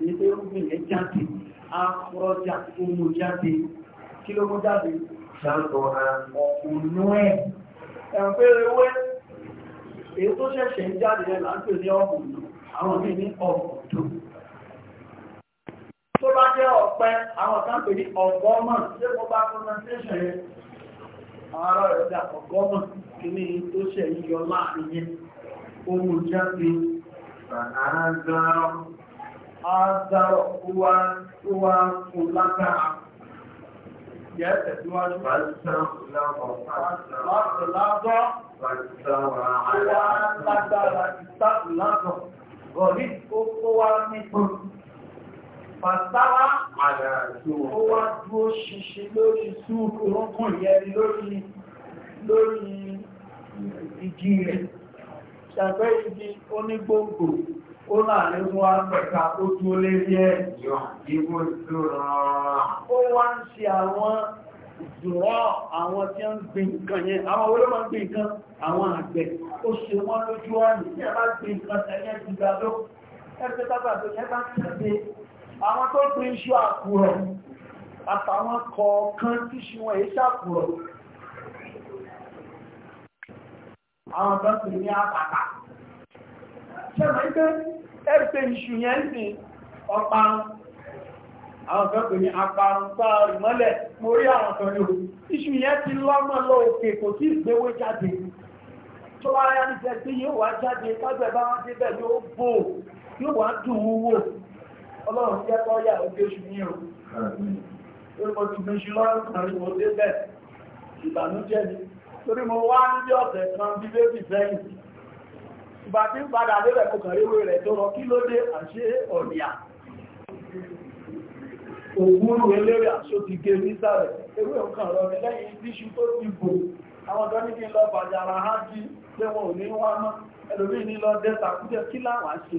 A: ilé rúgbìn yẹn jáde afọ́jà omi jáde kí ló mú jáde ṣàtọ̀ ọ̀pùnú ẹ̀ ẹ̀fẹ́ ewé èyí tó ṣẹ̀ṣẹ̀ ń jáde rẹ̀ láńpẹ̀ ní ọ̀pùnú àwọn míì ní ọ̀pùnú tó bá jẹ́ ọ̀pẹ àwọn kan pè ní ọ̀gọ́mọ̀ tí mo bá pronunciation yẹn àwọn ará rẹ̀ dà ọ̀gọ́mọ̀ kí ní tó ṣẹ̀ yíyọ láàrin yẹn azarọ̀ wá wá fún lágbára yẹ́ tẹ̀síwájú lágbọ́ wá lágbára ìsáàbù lágbọ̀ gọ̀rí ó wá nípun pàtàwà ó wá dúró ṣinṣin lórí súúrù rọ́kùn yẹ lórí lórí igi rẹ̀ ṣàgbẹ́ igi onígbòǹgbò ó láàrin wá pẹ̀ka ó tó lé yẹ́ ìwò ìdúrà ó wá ń ṣe àwọn ìdúrà àwọn tí ń gbin nǹkan yẹn àwọn olóòmọ̀ ń gbin nǹkan àwọn àgbẹ̀ ó ṣe wọ́n lójú ọ̀nì tí a bá gbin nǹkan tẹ̀yẹ́ ti gbà ló ẹgbẹ́ tábà yẹ́ bá ń ṣẹ́mọ̀ ipé ẹ̀rùpẹ̀ iṣu yẹn ń sìn ọparun àwọn kan pè ní aparun sáà ìmọ́lẹ̀ mo rí àwọn kan lò iṣu yẹn ti lọ́mọ lọ òkè kò sí ìgbéwé jáde tó wá yá ní sẹ́ẹ̀ tí yóò wá jáde tábẹ̀ bá wá débẹ̀ yóò bò yóò wá dùn ún wò ọlọ́run jẹ́ kọ́ yà ó gbé iṣu yẹn o torí mo ti gbé lọ́rùn kan rí mo ìbànújẹ́ ni ìgbà tí ń padà lórí ẹ̀kọ́ kan léwé rẹ̀ tó rọ kí ló dé àṣẹ ọ̀nìyà òwúrú eléré àṣọ ti gé nísàlẹ̀ ewé ọ̀kan rọ ní lẹ́yìn tíṣù tó ti bò àwọn tó ní kí lọ bàjàrà á jí pé wọn ò ní wá mọ́ ẹlòmí ní lọ dẹ́ta kújẹ́ kí láwọn àṣẹ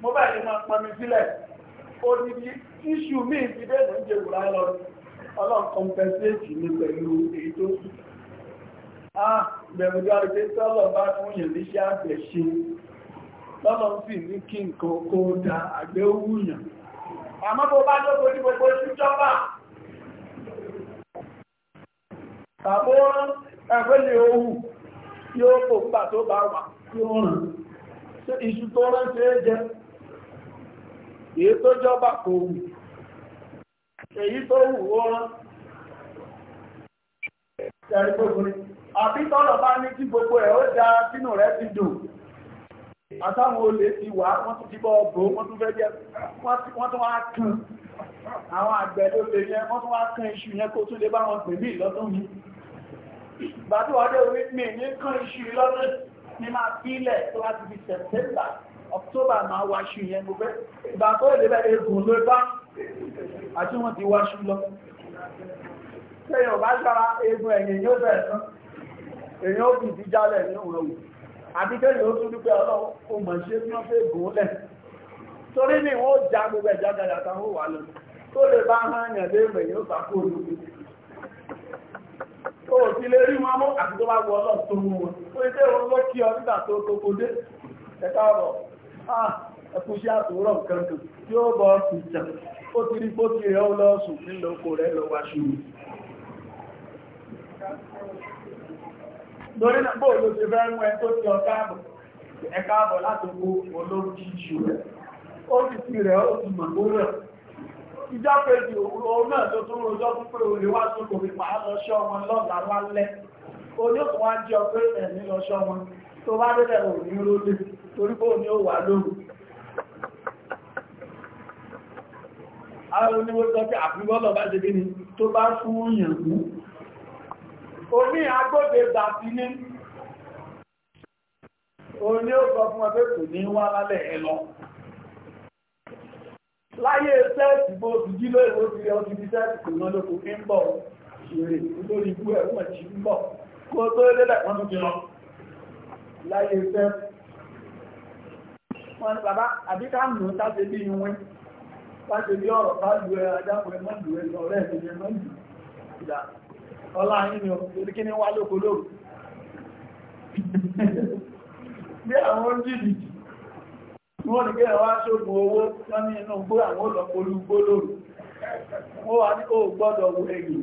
A: mo bá yìí máa pọnmi sílẹ̀ odidi tíṣù míì ti bẹ́ẹ̀ ló ń jẹ wùrà lọ ọlọ́run kọmpẹ́sẹ̀tì ní pẹ̀lú èyí tó kù. a bẹ̀rù bí arúgbó sọ́lọ̀ bá fún yẹn níṣẹ́ àgbẹ̀ ṣe lọ́lọ́ sì ní kí nǹkan kó da àgbẹ̀ wúyàn. àmọ́ bó bá lọ́gbọ́ ní gbogbo ìṣújọba tàbó ẹgbẹ́ lè yóò kó gbà tó bá wà tí ó ràn iṣu tó rán ṣe é jẹ èyí tó jọba kò wù èyí tó wù ó rán ṣẹ̀rí gbogbo ni àbí tọ́lọ̀ bá ní kí gbogbo ẹ̀ ó da sínú rẹ̀ ti dùn àtàwọn olè ti wà wọ́n tún ti bọ́ bò wọ́n tún fẹ́ jẹ́ wọ́n tún wá kan àwọn àgbẹ̀ ló lè yẹn wọ́n tún wá kan iṣu yẹn kó tún lè bá wọn pè mí lọ́dún mi gbàdúrà dé orí mi ní kan iṣu lọ́dún ní máa fílẹ̀ láti fi sẹ̀tẹ́mbà October máa wáṣú yẹn gbogbo ìgbà tó èdè bẹ́ẹ̀ egun ló bá àti wọ́n ti wáṣú lọ tẹ́yàn bá sára egun ẹ̀yìn yóò bẹ̀ẹ̀ tán èyàn ó kìí jálẹ̀ ní òun òun àti kẹ́yìn ó tún dúpẹ́ ọlọ́run mọ̀ ṣe fún ọ́fẹ́ gùn lẹ̀ torí ni já gbogbo ẹ̀já jàjà tán ó wà lọ tó lè bá hàn yàn lérò èyàn ó sàkó olùkú ó ti lè rí wọn mú àti tó bá wọ ọlọ́run tó mú wọn ó ti tẹ́ wọn lọ ọ nígbà tó tó kó dé ẹ̀ka ọ̀rọ̀ Ah, ẹkùn iṣẹ́ àtòwúrọ̀ nǹkan kan tí ó bọ́ ìtàn ó ti rí pótí rẹ̀ ó lọ sùn nílò oko rẹ̀ lọ wá ṣùgbọ́n lórí náà bóò ló ti fẹ́ mú ẹ tó ti ọ̀ká àbọ̀ ẹ̀ka àbọ̀ láti owó olóhùn jíjù rẹ̀ ó ti ti rẹ̀ ó ti mọ̀ ó rẹ̀ ìjọ́ kejì òun náà tó tún rojọ́ fún pé olè tó bá dẹ́dẹ̀ òní rólé torí bó ní ó wà lóru àwọn oníwó tọ́kí àfíwọ́lọ̀ bá ṣe gíní tó bá fún yàn mú oní agbóde bàtí ní oní ó sọ fún ẹgbẹ́ kò ní wá lálẹ́ ẹ lọ láyé sẹ́ẹ̀tì bó ti jí ló ìwó ti rẹ ọdún ní sẹ́ẹ̀tì kò náà lókò kí ń bọ̀ ṣeré lórí ikú ẹ̀wọ̀n jí ń bọ̀ kó tó lélẹ̀ wọ́n tún ti lọ láyé iṣẹ́ wọ́n ní bàbá àbíká mú táṣe bí ìwé táṣe bí ọ̀rọ̀ bá lu ẹ adáko ẹ mọ́jú ẹ lọ rẹ̀ ẹ̀jẹ̀ mọ́jú ìdá ọlá yín ni orí kí ní wá lóko lóru bí àwọn oúnjìdì wọ́n ní kí ẹ wá ṣògùn owó lọ́ní inú gbó àwọn olùgbó lóru wọ́n wá ní ó gbọ́dọ̀ wọ ẹ̀yìn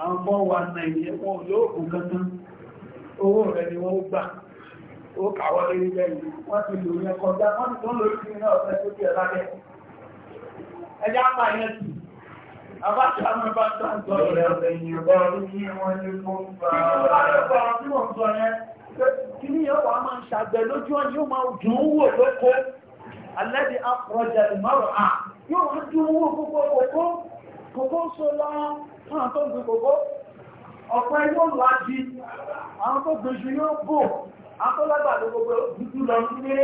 A: àwọn ọmọ wa nàìjíríà wọn lóògùn kankan owó rẹ̀ ni wọ́n gbà ó kàwọ́ lórí lẹ́yìn wọ́n ti lò yẹn kọjá wọ́n ti tó ń lórí sí iná ọ̀sẹ̀ tó kí ẹ lábẹ́ ẹjá máa yẹn sì abájá máa bá ń tán sọ rẹ̀ ẹ̀yìn ọ̀bọ̀ ọdún yìí wọ́n ní fún bá ọ̀rọ̀ tí wọ́n sọ yẹn kí ni yẹn wàá máa ń ṣàgbẹ̀ lójú ọ̀nà yóò máa dùn ún wò lóko alẹ́dí akọ̀rọ̀jà ìmọ̀ràn yóò máa dùn ún wò gbogbo kòkó kòkó sọ lọ́wọ́ wọ́n tó gbé gbogbo ọ̀pọ̀ ẹgbẹ́ òlù ájí àwọn tó gbé jù yóò bò akọ́lágbàdé gbogbo dúdú lọ nílé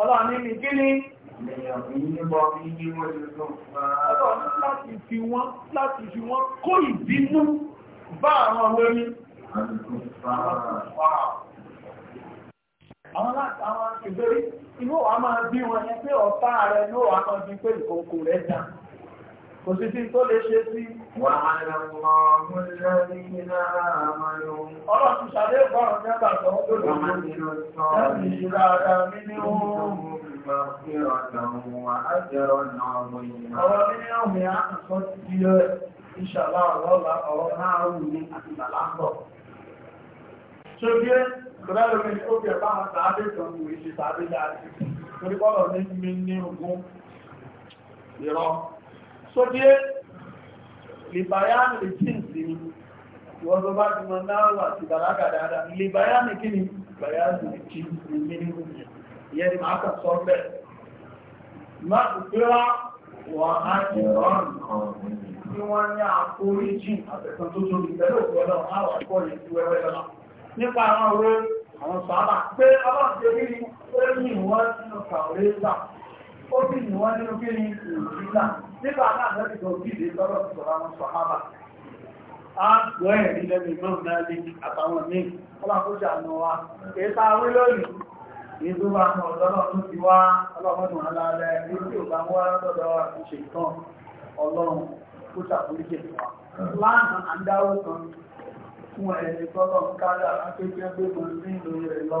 A: ọlọ́ni ní kí ni láti fi wọ́n láti fi wọ́n kó ìbínú bá àwọn lórí àwọn láti àwọn ìgbérí inú wa máa bí wọn ẹgbẹ́ ọ̀tá rẹ̀ ló wà kan bí pé ìkòkò rẹ̀ dáa kò sí tí tó lè ṣe sí ọlọ́run ṣàdé bọ́rọ̀ nígbà tó Ìṣàlá ọ̀rọ̀lá ọ̀rọ̀ náà rú ní àti ìgbàlápọ̀. Ṣé bí é, kọ̀lẹ́lẹ̀ mi ó bí ẹ̀bá àwọn tàbí kan kò ìṣẹ́ tàbí láti, torí bọ́lọ̀ ní mi ní ogún ìrọ́ sóbíé lìbáyánì ìjíǹsì ni ìwọ́n tó bá ti mọ náàrù àti ìbàlágà dáadáa lìbáyánì kí ni lìbáyánì ìjíǹsì nínú ìyẹn ni màá kàn sọ bẹ́ẹ̀ má ìpínlá wọ́n á ti rọrùn kan tí wọ́n ní àforíjì àtẹ̀kan tó tóbi pẹ̀lú ọ̀pọ̀lọ́ àwọn àkọ́ yẹn tí wẹ́wẹ́ lọ́la ni ó yìn ó sì ní wọ́n nínú kí ni ìjìlá nígbà náà lọ́dí tó bí ìdí a gbọ́ ẹ̀ nílẹ̀ mìíràn n'ụlọ lè àtàwọn ní ọlọ́pọ̀jà fún ń kárí àwọn gbé sí ìlú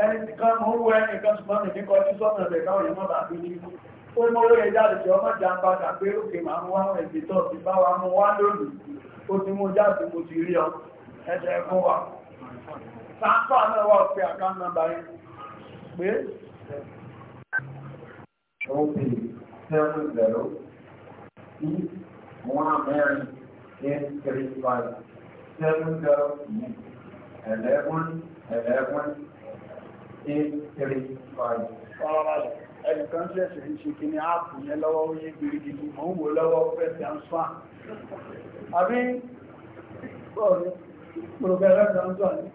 A: ẹnìkan mọ́ wọ ẹnìkan ṣùgbọ́n mi ní kọjú sọ́nà ẹ̀bẹ̀ káwọn yìí mọ́ bá bí nínú ó mọ́ owó ẹja lè ṣe ọmọ jàǹbá tàbí òkè máa ń wá ẹ̀sì tọ́ ti bá wa mú wá lónìí ó ti mú jáde mo ti rí ọ ẹsẹ̀ fún wa sáńpà náà wà pé àkáǹtì nọ́mbà yẹn pé.
B: ó fi seven zero six one nine eight three five seven zero eleven eleven. 835.
A: Ọ̀rọ̀ ẹnìkan tí ẹ̀sẹ̀ ń ṣe kí ní áàpù yẹn lọ́wọ́ ó yé gbìrìgìdì mọ́ ń wò lọ́wọ́ fẹ́ transfer. Àbí bọ́ọ̀rù pòrògẹ́rẹ́ transfer ní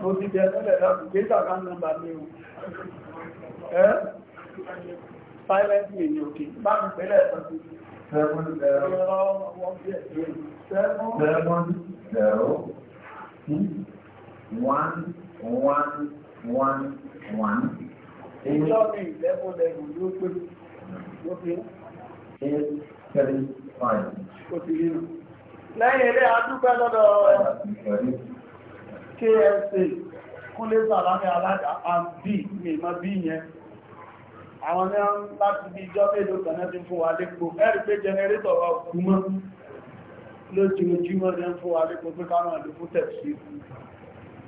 A: mo ti jẹ mẹ́lẹ̀ láti gbéjà kan nọ́mbà ní o. Ẹ́ silently ni òkè bá mi pẹ́lẹ̀ ẹ̀sán sí. Seven zero one one one one. èyí ọ̀bí ìlẹ́kùn lẹ́nu ló pé ló pé. eight seven five. ó ti rí nù. lẹ́yìn eré adúpẹ́ lọ́dọ̀ KFC kúnlé sàlámì alága b mi mọ́ b yẹn àwọn ní wọ́n láti bí ìjọ́ mélòó kan náà ti fún wa lépo ẹ̀rí pé jẹnẹrétọ̀ wa kú mọ́ lójoojúmọ́ ní fún wa lépo pé káwọn àdúgbò tẹ̀sí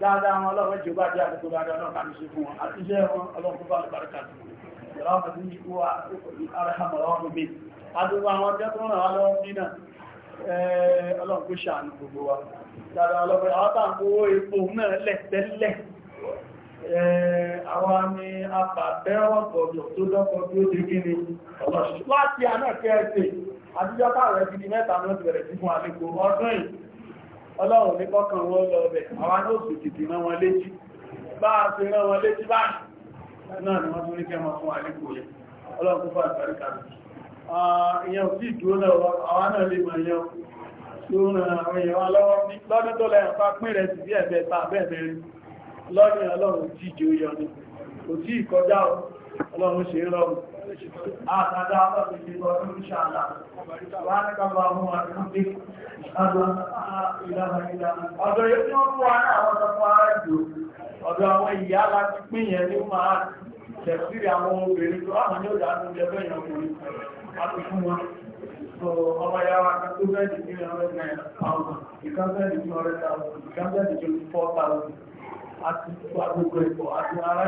A: dáadáa wọn ọlọ́run jù bá jẹ́ àkókò dáadáa náà kàmí sí fún wọn àti iṣẹ́ wọn ọlọ́run bá lọ́pàá kàtù ìrọ̀mù sí ikú àrẹ́hàmọ̀ ọ̀rọ̀ mi adúgbò àwọn jẹ́ tó ràn wá lọ́wọ́ bí náà ọlọ́run kó ṣàánú gbogbo wa dáadáa ọlọ́run àwọn tá à ń kówó epo náà lẹ̀ tẹ́lẹ̀ àwọn ni apàtẹ́wọ̀ fún àlejò ọdún yìí ọlọ́run ní kọ́kàn wọ́n lọ bẹ̀ àwọn náà sì tìtì rán wọn létí bá a ti rán wọn létí báyìí náà ni wọ́n tún ní kẹ́mọ̀ fún àlékò rẹ̀ ọlọ́run fún àtàríkà ìyẹn ò sí ìdúró lọ́wọ́ àwọn náà lè mọ̀ ìyẹn tó ràn هذا أمر بالجوار إن شاء الله سبحانك اللهم وبحمدك أشهد أن لا إله إلا أنت ọ̀dọ̀ yóò tí wọ́n fún wa náà àwọn ọmọ ààjò ọ̀dọ̀ àwọn ìyá láti pín yẹn ní máa tẹ̀síri àwọn obìnrin tó àwọn yóò dáadọ́ jẹ́bẹ́ yẹn ọkùnrin láti fún wọn so ọmọ ya wa kan tó bẹ́ẹ̀ dìbí ọ̀rẹ́ náírà àwọn ìkánṣẹ́ dìbí ọ̀rẹ́ náírà ìkánṣẹ́ dìbí fọ́ àti gbogbo ẹ̀kọ́ àti ará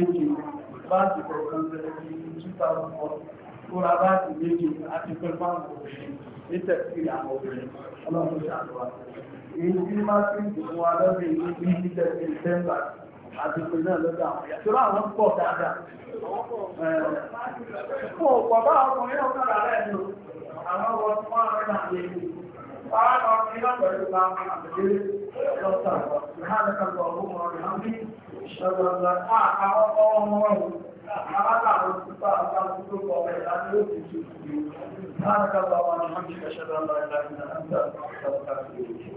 A: ìsìn báàsì kọ̀ọ̀kan tẹ̀lé ní 2004 tó ra báàsì méjì àti pẹ̀lú àwọn obìnrin ní tẹ̀sí àwọn obìnrin ọlọ́run ṣàlùwà èyí tí máa ti ń dùn wa lọ́dẹ̀ yìí ní tẹ̀sí december àti pé náà lọ́dọ̀ àwọn ìyàtọ̀ àwọn pọ̀ dáadáa fún ọ̀pọ̀ bá ọkùnrin ọ̀kadà rẹ̀ lò àwọn ọmọ tí wọ́n rẹ̀ náà lè lò Fáwọn ọmọ ìlànà ìlú bá ń bá àbẹ̀lẹ́ lọ́sàn-án. Ìhàlẹ́kàtọ̀ ọ̀hún ọ̀rẹ́ ìṣọ́lọ́lọ́ àwọn ọmọ ọmọ ọmọ ọmọ ọmọ
B: ọmọ